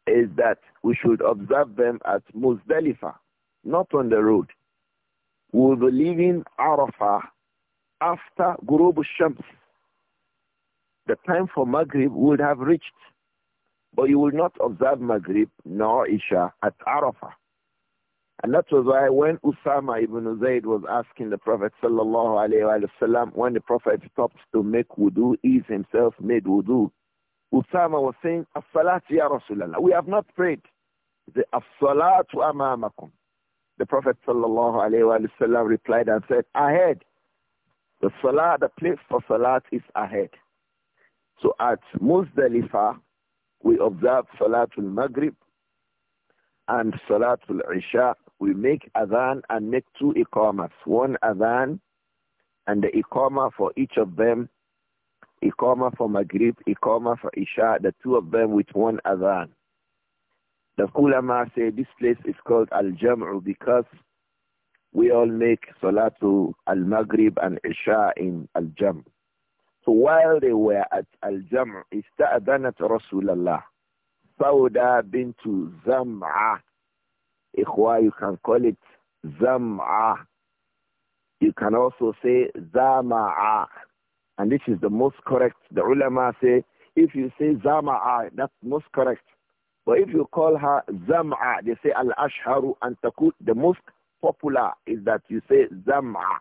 is that we should observe them at Muzdalifah, not on the road. We will be leaving Arafah after Ghurub shams The time for Maghrib would have reached, but you will not observe Maghrib nor Isha at Arafah. And that was why when Usama ibn Zayd was asking the Prophet sallallahu alayhi when the Prophet stopped to make wudu, he himself made wudu. Usama was saying, As-salat ya Rasulallah. We have not prayed. The As-salatu amamakum. The Prophet sallallahu alayhi replied and said, ahead. The salat, the place for salat is ahead. So at Muzdalifah, we observe Salatul Maghrib and Salatul Isha we make adhan and make two iqamas, one adhan and the iqama for each of them, iqama for Maghrib, iqama for Isha, the two of them with one adhan. The ulama say this place is called Al-Jam'u because we all make Salatu Al-Maghrib and Isha in Al-Jam'u. So while they were at Al-Jam'u, استأذنت رسول الله سودة بنت زمعة Ikhwa, you can call it zam'a. You can also say zama'a. And this is the most correct. The ulama say, if you say zama'a, that's most correct. But if you call her zam'a, they say al-ashharu and takut, the most popular is that you say zam'a.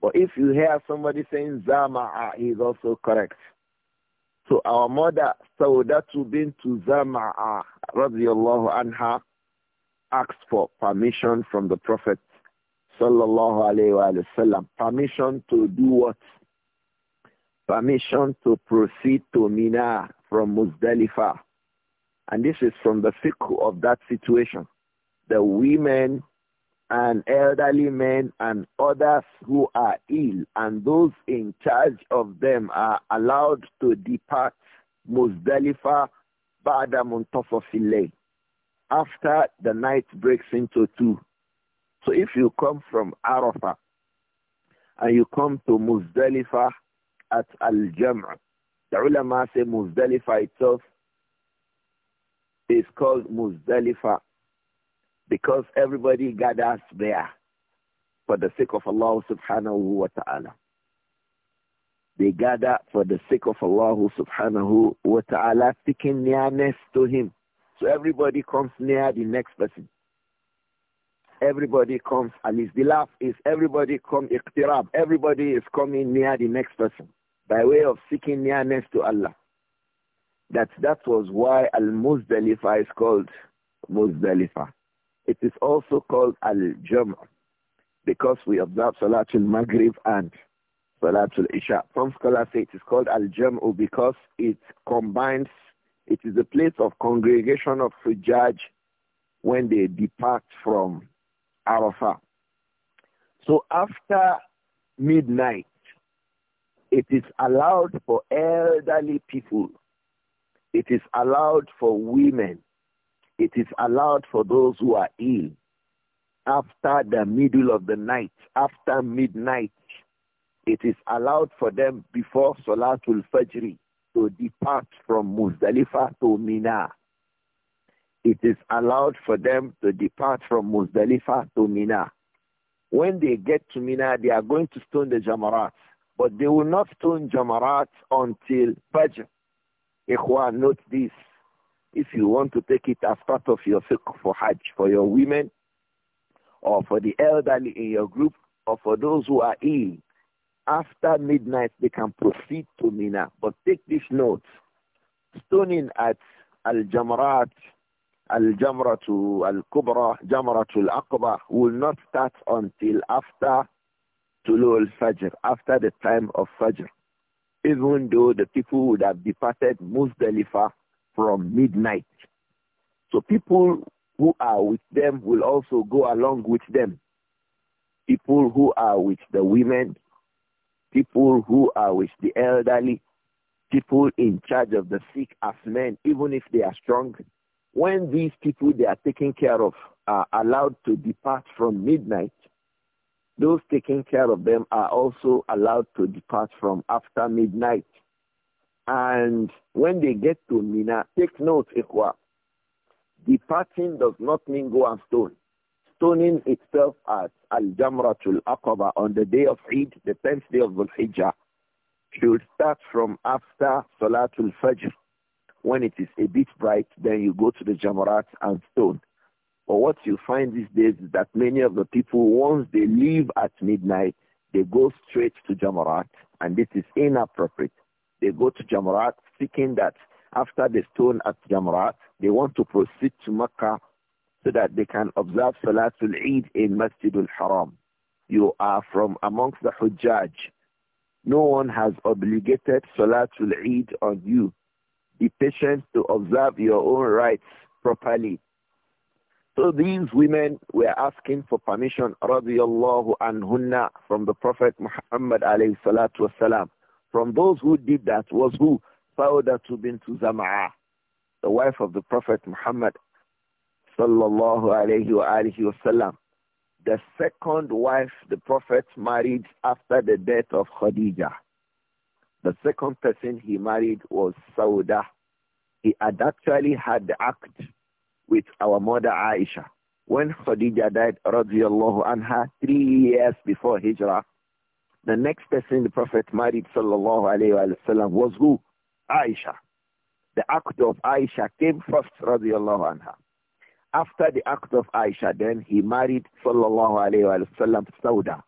But if you hear somebody saying zama'a, he's also correct. So our mother Saudatu bint Zama'a radiyallahu anha asked for permission from the Prophet sallallahu alaihi wasallam, permission to do what? Permission to proceed to Mina from Muzdalifah. And this is from the fiqh of that situation. The women and elderly men and others who are ill and those in charge of them are allowed to depart Muzdalifah Ba'da Muntafafilay after the night breaks into two. So if you come from Arafah and you come to Muzdalifah at al Jamrah, the ulama say Muzdalifah itself is called Muzdalifah because everybody gathers there for the sake of Allah subhanahu wa ta'ala. They gather for the sake of Allah subhanahu wa ta'ala, seeking nearness to him. So everybody comes near the next person. Everybody comes, and it's the laugh is everybody come iqtirab. Everybody is coming near the next person by way of seeking nearness to Allah. That that was why Al-Muzdalifah is called Muzdalifah. It is also called Al-Jama because we observe Salatul Maghrib and Salatul Isha. Some scholars say it is called Al-Jam'u because it combines it is a place of congregation of judge when they depart from Arafah. So after midnight, it is allowed for elderly people. It is allowed for women. It is allowed for those who are ill. After the middle of the night, after midnight, it is allowed for them before Salatul Fajr to depart from Muzdalifah to Mina. It is allowed for them to depart from Muzdalifah to Mina. When they get to Mina, they are going to stone the Jamarat. But they will not stone Jamarat until Fajr. Ikhwan, note this. If you want to take it as part of your fiqh for Hajj, for your women, or for the elderly in your group, or for those who are ill, after midnight they can proceed to Mina. But take this note, stoning at Al-Jamrat, Al-Jamratu Al-Kubra, Jamratu Al-Aqba will not start until after Tulul Fajr, after the time of Fajr. Even though the people would have departed Muzdalifah from midnight. So people who are with them will also go along with them. People who are with the women people who are with the elderly, people in charge of the sick as men, even if they are strong, when these people they are taking care of are allowed to depart from midnight, those taking care of them are also allowed to depart from after midnight. And when they get to Mina, take note, Ikhwa, departing does not mean go and stone stoning itself at Al-Jamratul Aqaba on the day of Eid, the 10th day of Dhul-Hijjah, should start from after Salatul Fajr. When it is a bit bright, then you go to the Jamrat and stone. But what you find these days is that many of the people, once they leave at midnight, they go straight to Jamrat, and this is inappropriate. They go to Jamrat seeking that after they stone at Jamrat, they want to proceed to Makkah so that they can observe Salatul Eid in Masjidul Haram. You are from amongst the Hujjaj. No one has obligated Salatul Eid on you. Be patient to observe your own rights properly. So these women were asking for permission, radiallahu anhunna, from the Prophet Muhammad alayhi salatu wasalam. From those who did that was who? Sauda bint Zam'a, the wife of the Prophet Muhammad sallallahu alayhi wa alihi wasallam. The second wife the Prophet married after the death of Khadijah. The second person he married was Sauda. He had actually had the act with our mother Aisha. When Khadija died, radiallahu anha, three years before Hijrah, the next person the Prophet married, sallallahu alayhi wasallam, was who? Aisha. The act of Aisha came first, radiallahu anha. After the act of Aisha, then he married Sallallahu Alaihi Wasallam Sauda.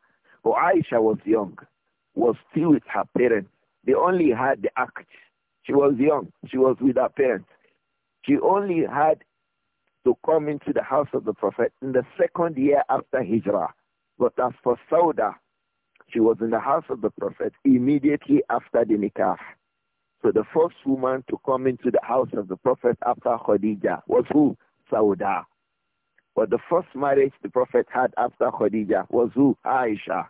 But Aisha was young, was still with her parents. They only had the act. She was young. She was with her parents. She only had to come into the house of the Prophet in the second year after Hijrah. But as for Sauda, she was in the house of the Prophet immediately after the Nikah. So the first woman to come into the house of the Prophet after Khadija was who? Sauda. But the first marriage the Prophet had after Khadija was who? Aisha.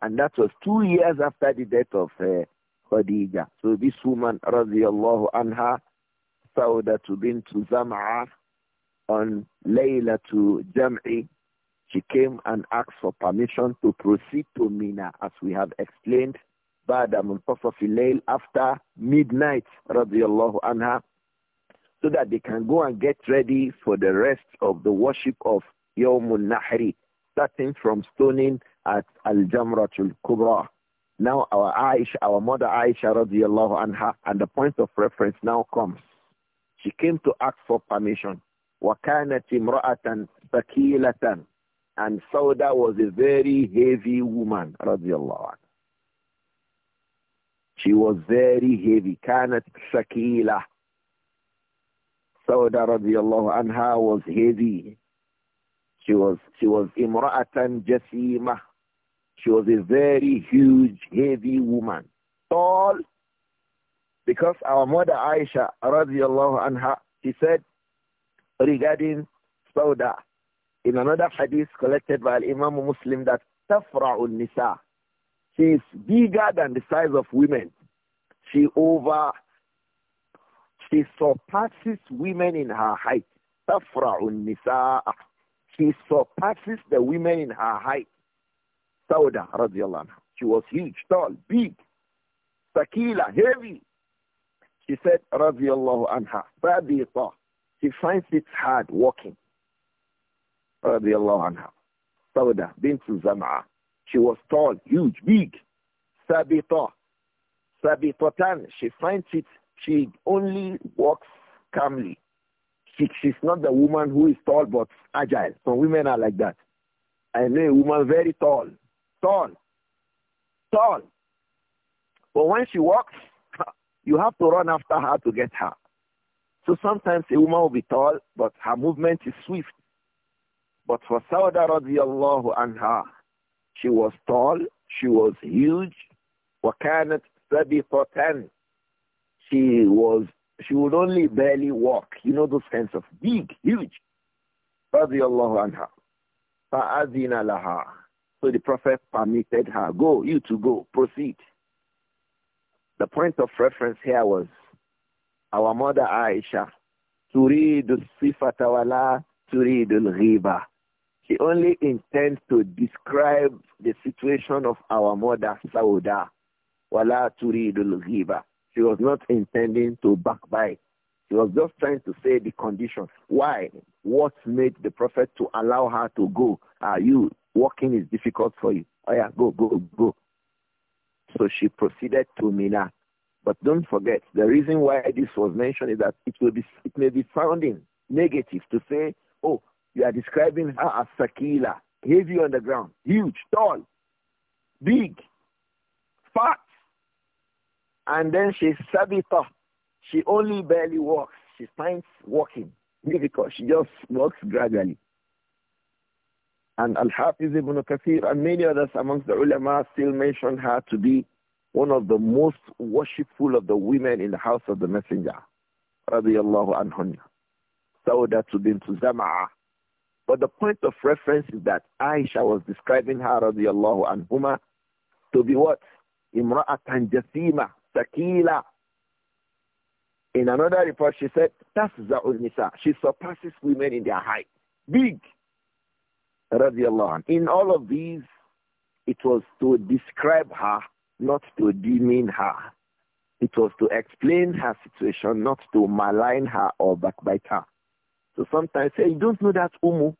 And that was two years after the death of uh, Khadija. So this woman, radiallahu anha, Sauda to to Zam'a on Layla to Jam'i, she came and asked for permission to proceed to Mina, as we have explained, Bada Muntasaf Layl after midnight, radiallahu anha, so that they can go and get ready for the rest of the worship of Yawmul Nahri, starting from stoning at Al-Jamratul Kubra. Now our Aisha, our mother Aisha radiallahu anha, and the point of reference now comes. She came to ask for permission. وَكَانَتْ إِمْرَأَةً ثَكِيلَةً And Sauda was a very heavy woman, radiallahu anha. She was very heavy. كَانَتْ ثَكِيلَةً Sauda radiallahu anha was heavy. She was, she was imra'atan jasima. She was a very huge, heavy woman. Tall. Because our mother Aisha radiallahu anha, she said regarding Sauda, in another hadith collected by Imam Muslim that tafra'un nisa. She is bigger than the size of women. She over she surpasses women in her height. Tafra'un nisa'a. She surpasses the women in her height. Sauda radiallahu She was huge, tall, big. Sakila, heavy. She said, radiallahu anha, Sabita. She finds it hard walking. Radiallahu anha. Sauda bint Zam'a. She was tall, huge, big. Sabita. Sabitatan. She finds it she only walks calmly. She, she's not the woman who is tall but agile. Some women are like that. I know a woman very tall, tall, tall. But when she walks, you have to run after her to get her. So sometimes a woman will be tall, but her movement is swift. But for Sauda radiallahu anha, she was tall, she was huge, وكانت سبقة she was, she would only barely walk. You know those kinds of big, huge. Radiallahu anha. Fa'azina laha. So the Prophet permitted her, go, you to go, proceed. The point of reference here was our mother Aisha. Turidu sifata wala turidul She only intends to describe the situation of our mother Sauda. Wala turidul ghiba. She was not intending to backbite. She was just trying to say the condition. Why? What made the prophet to allow her to go? Are you walking is difficult for you? Oh yeah, go, go, go. So she proceeded to Mina. But don't forget, the reason why this was mentioned is that it will be it may be sounding negative to say, oh, you are describing her as Sakila, heavy on the ground, huge, tall, big, fat. And then she's sabita. She only barely walks. She finds walking difficult. She just walks gradually. And Al-Hafiz ibn Kathir and many others amongst the ulama still mention her to be one of the most worshipful of the women in the house of the Messenger. Radiallahu to be bint Zama'ah. But the point of reference is that Aisha was describing her radiallahu anhuma to be what? Imra'atan Jathima, Sakila. In another report, she said, that's Za'ul Nisa. She surpasses women in their height. Big. In all of these, it was to describe her, not to demean her. It was to explain her situation, not to malign her or backbite her. So sometimes say, you don't know that Umu.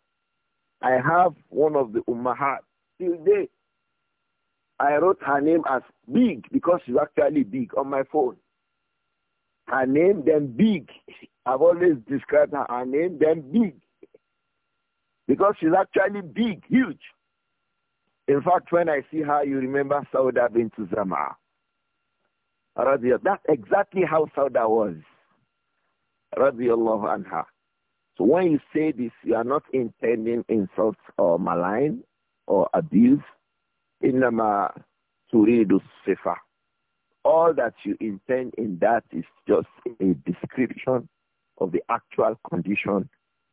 I have one of the Ummahat till date. I wrote her name as Big because she's actually big on my phone. Her name, then Big. I've always described her, her name, then Big. Because she's actually big, huge. In fact, when I see her, you remember Sauda bint Zama. That's exactly how Sauda was. anha. So when you say this, you are not intending insults or malign or abuse Innama turidu sifa. All that you intend in that is just a description of the actual condition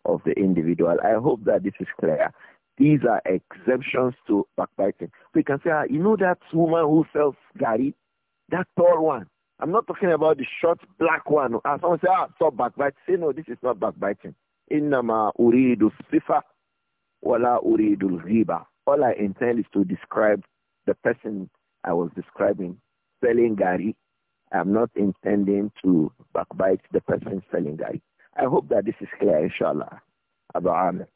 of the individual. I hope that this is clear. These are exemptions to backbiting. We can say, ah, you know that woman who sells gari, that tall one. I'm not talking about the short black one. Ah, someone say, ah, stop backbiting. Say, no, this is not backbiting. Innama uridu sifa wala uridu riba. All I intend is to describe the person I was describing selling Gary. I'm not intending to backbite the person selling Gary. I hope that this is clear, inshallah. Abu Amir.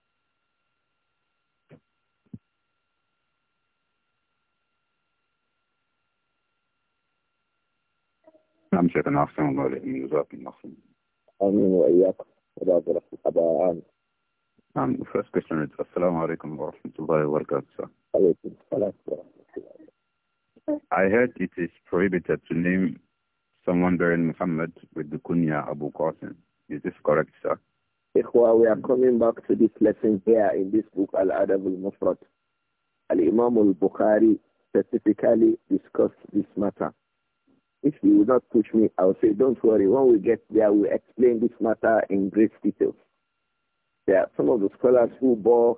نعم شيخنا أحسن الله إليكم جزاكم الله خير. آمين وإياكم. أبا عامر. Um, the first question is Assalamu alaikum wa rahmatullahi wa barakatuh. I heard it is prohibited to name someone bearing Muhammad with the kunya Abu Qasim. Is this correct, sir? Ikhwa, we are coming back to this lesson here in this book, Al-Adab al-Mufrad. Al-Imam al-Bukhari specifically discussed this matter. If you would not push me, I will say, don't worry. When we get there, we'll explain this matter in great detail. There are some of the scholars who bore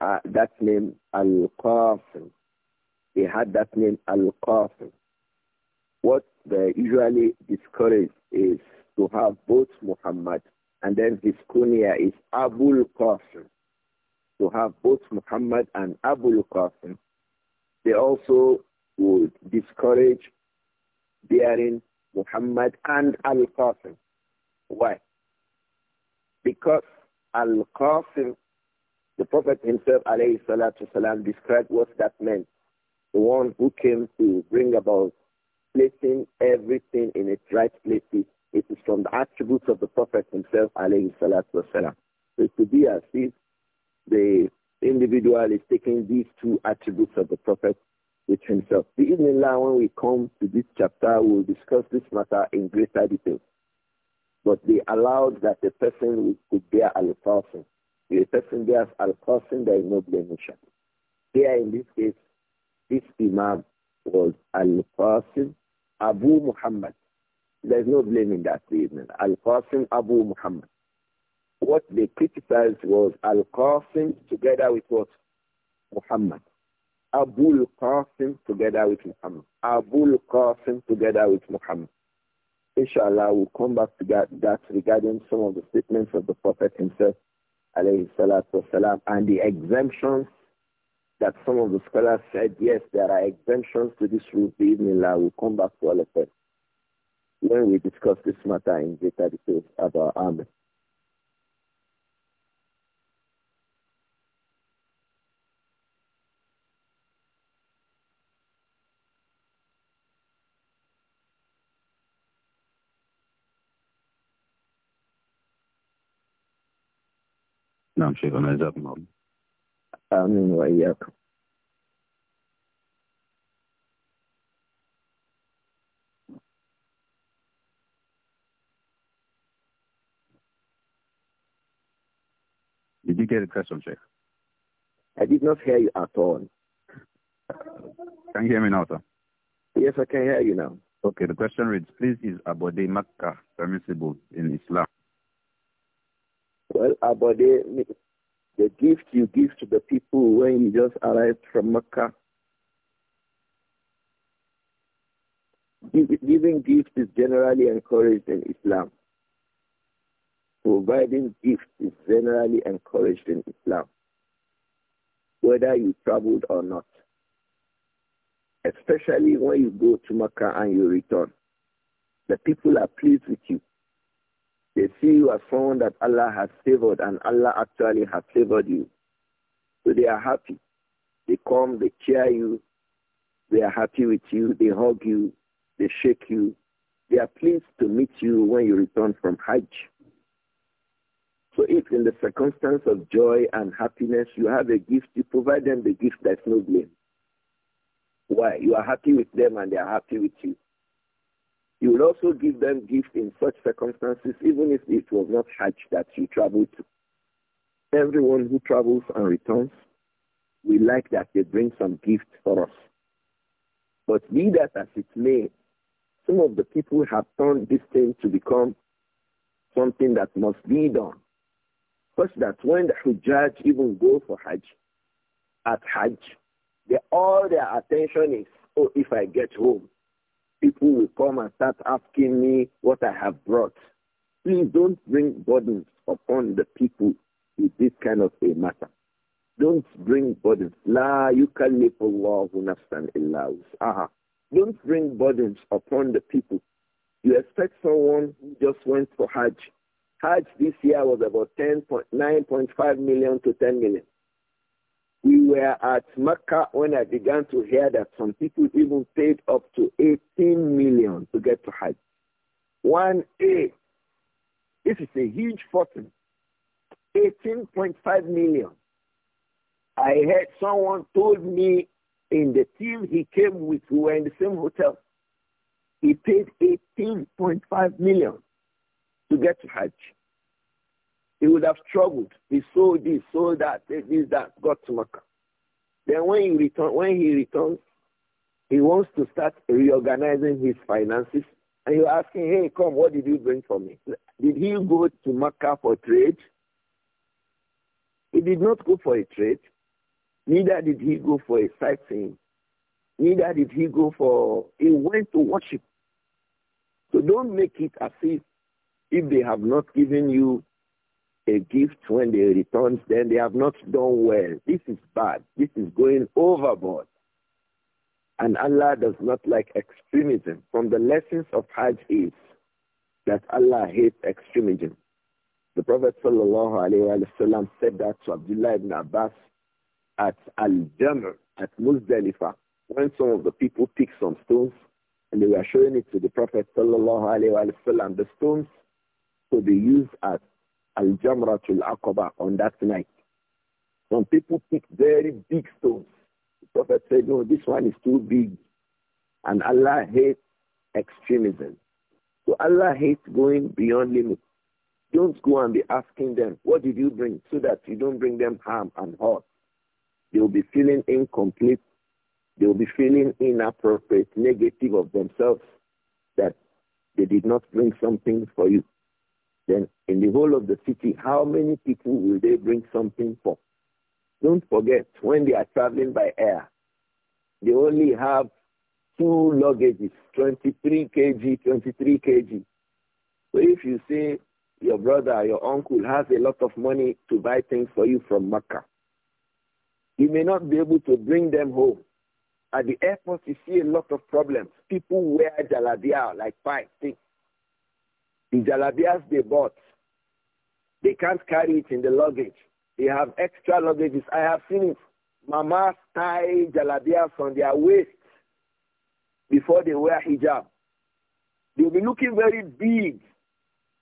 uh, that name Al-Qasim. They had that name Al-Qasim. What they usually discourage is to have both Muhammad and then his kunya is Abul Qasim. To have both Muhammad and Abul Qasim. They also would discourage bearing Muhammad and Al-Qasim. Why? Because Al-Qasim, the Prophet himself, alayhi salatu salam, described what that meant. The one who came to bring about placing everything in its right place. It is from the attributes of the Prophet himself, alayhi salatu salam. So it could be as if the individual is taking these two attributes of the Prophet with himself. Bismillah, when we come to this chapter, we'll discuss this matter in greater detail. But they allowed that the person could bear al-qasim. If the person bears al-qasim, there is no blemish. Here in this case, this imam was al-qasim Abu Muhammad. There's no blame in that statement. Al-Qasim Abu Muhammad. What they criticized was Al-Qasim together with what? Muhammad. Abu Qasim together with Muhammad. Abu Qasim together with Muhammad. Inshallah, we'll come back to that, that regarding some of the statements of the Prophet himself, alayhi and the exemptions that some of the scholars said, yes, there are exemptions to this rule, bi'idhnillah, we'll come back to all of that when we discuss this matter in greater detail about Ahmed. نعم شيخنا جزاكم الله آمين وإياكم Did you get a question, Sheikh? I did not hear you at all. Can you hear me now, sir? Yes, I can hear you now. Okay, the question reads, please is Abode Makkah permissible in Islam? Well, Abode, uh, the gift you give to the people when you just arrived from Mecca, giving gifts is generally encouraged in Islam. Providing gifts is generally encouraged in Islam, whether you traveled or not. Especially when you go to Mecca and you return. The people are pleased with you. They see you as someone that Allah has favored and Allah actually has favored you. So they are happy. They come, they cheer you. They are happy with you. They hug you. They shake you. They are pleased to meet you when you return from Hajj. So if in the circumstance of joy and happiness you have a gift, you provide them the gift that's no blame. Why? You are happy with them and they are happy with you. You will also give them gifts in such circumstances, even if it was not Hajj that you traveled to. Everyone who travels and returns, we like that they bring some gifts for us. But be that as it may, some of the people have turned this thing to become something that must be done. Such that when the Hajj even go for Hajj, at Hajj, they, all their attention is, oh, if I get home, people will come and start asking me what I have brought. Please don't bring burdens upon the people with this kind of a matter. Don't bring burdens. La yukallifullahu nafsan illa wus'aha. Don't bring burdens upon the people. You expect someone who just went for Hajj. Hajj this year was about 10.9.5 million to 10 million. We were at Mecca when I began to hear that some people even paid up to 18 million to get to Hajj. One A. This is a huge fortune. 18.5 million. I heard someone told me in the team he came with, we were in the same hotel. He paid 18.5 million to get to Hajj. He would have struggled. He sold this, sold that, this, that, got to Makkah. Then when he return, when he returns, he wants to start reorganizing his finances. And you're asking, hey, come, what did you bring for me? Did he go to Makkah for trade? He did not go for a trade. Neither did he go for a sightseeing. Neither did he go for, he went to worship. So don't make it as if, if they have not given you a gift when they return, then they have not done well. This is bad. This is going overboard. And Allah does not like extremism. From the lessons of Hajj is that Allah hates extremism. The Prophet wasallam said that to Abdullah ibn Abbas at Al-Jamr, at Muzdalifah, when some of the people picked some stones and they were showing it to the Prophet wasallam, the stones could be used as Al-Jamratul Aqaba on that night. Some people pick very big stones. The Prophet said, no, this one is too big. And Allah hates extremism. So Allah hates going beyond limits. Don't go and be asking them, what did you bring? So that you don't bring them harm and hurt. They'll be feeling incomplete. They'll be feeling inappropriate, negative of themselves that they did not bring something for you. Then in the whole of the city, how many people will they bring something for? Don't forget, when they are traveling by air, they only have two luggages, 23 kg, 23 kg. So if you say your brother, your uncle has a lot of money to buy things for you from Mecca, you may not be able to bring them home. At the airport, you see a lot of problems. People wear jalabia like five, six. The jalabias they bought, they can't carry it in the luggage. They have extra luggages. I have seen it. Mamas tie jalabias on their waist before they wear hijab. They'll be looking very big.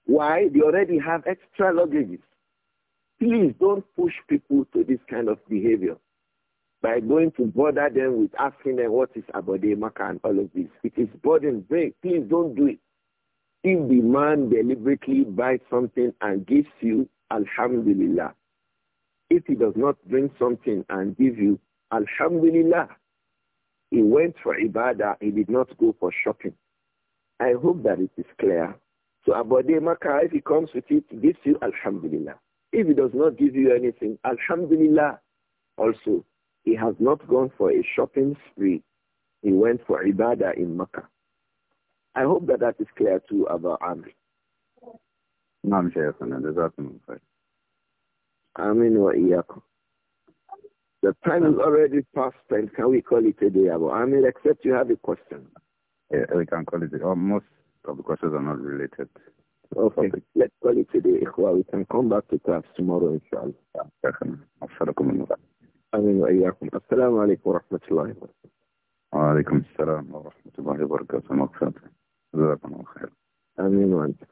Why? They already have extra luggages. Please don't push people to this kind of behavior by going to bother them with asking them what is Abode Maka and all of this. It is burden break. Please don't do it. If the man deliberately buys something and gives you, Alhamdulillah. If he does not bring something and give you, Alhamdulillah. He went for Ibadah. He did not go for shopping. I hope that it is clear. So Abode Makkah, if he comes with it, he gives you Alhamdulillah. If he does not give you anything, Alhamdulillah. Also, he has not gone for a shopping spree. He went for Ibadah in Makkah. I hope that that is clear to Abu Amr. نعم شيخنا جزاكم الله خير. آمين وإياكم. The time is already past and can we call it a day, Abu Amir, except you have a question? Yeah, we can call it a oh, Most of the questions are not related. Okay, topic. let's call it a day, Ikhwa. We can come back to class tomorrow, inshallah. أفضلكم الله. آمين alaikum. السلام عليكم ورحمة الله وبركاته. وعليكم السلام ورحمة الله وبركاته. مغفرة. saluda como mujer. Amigo, antes.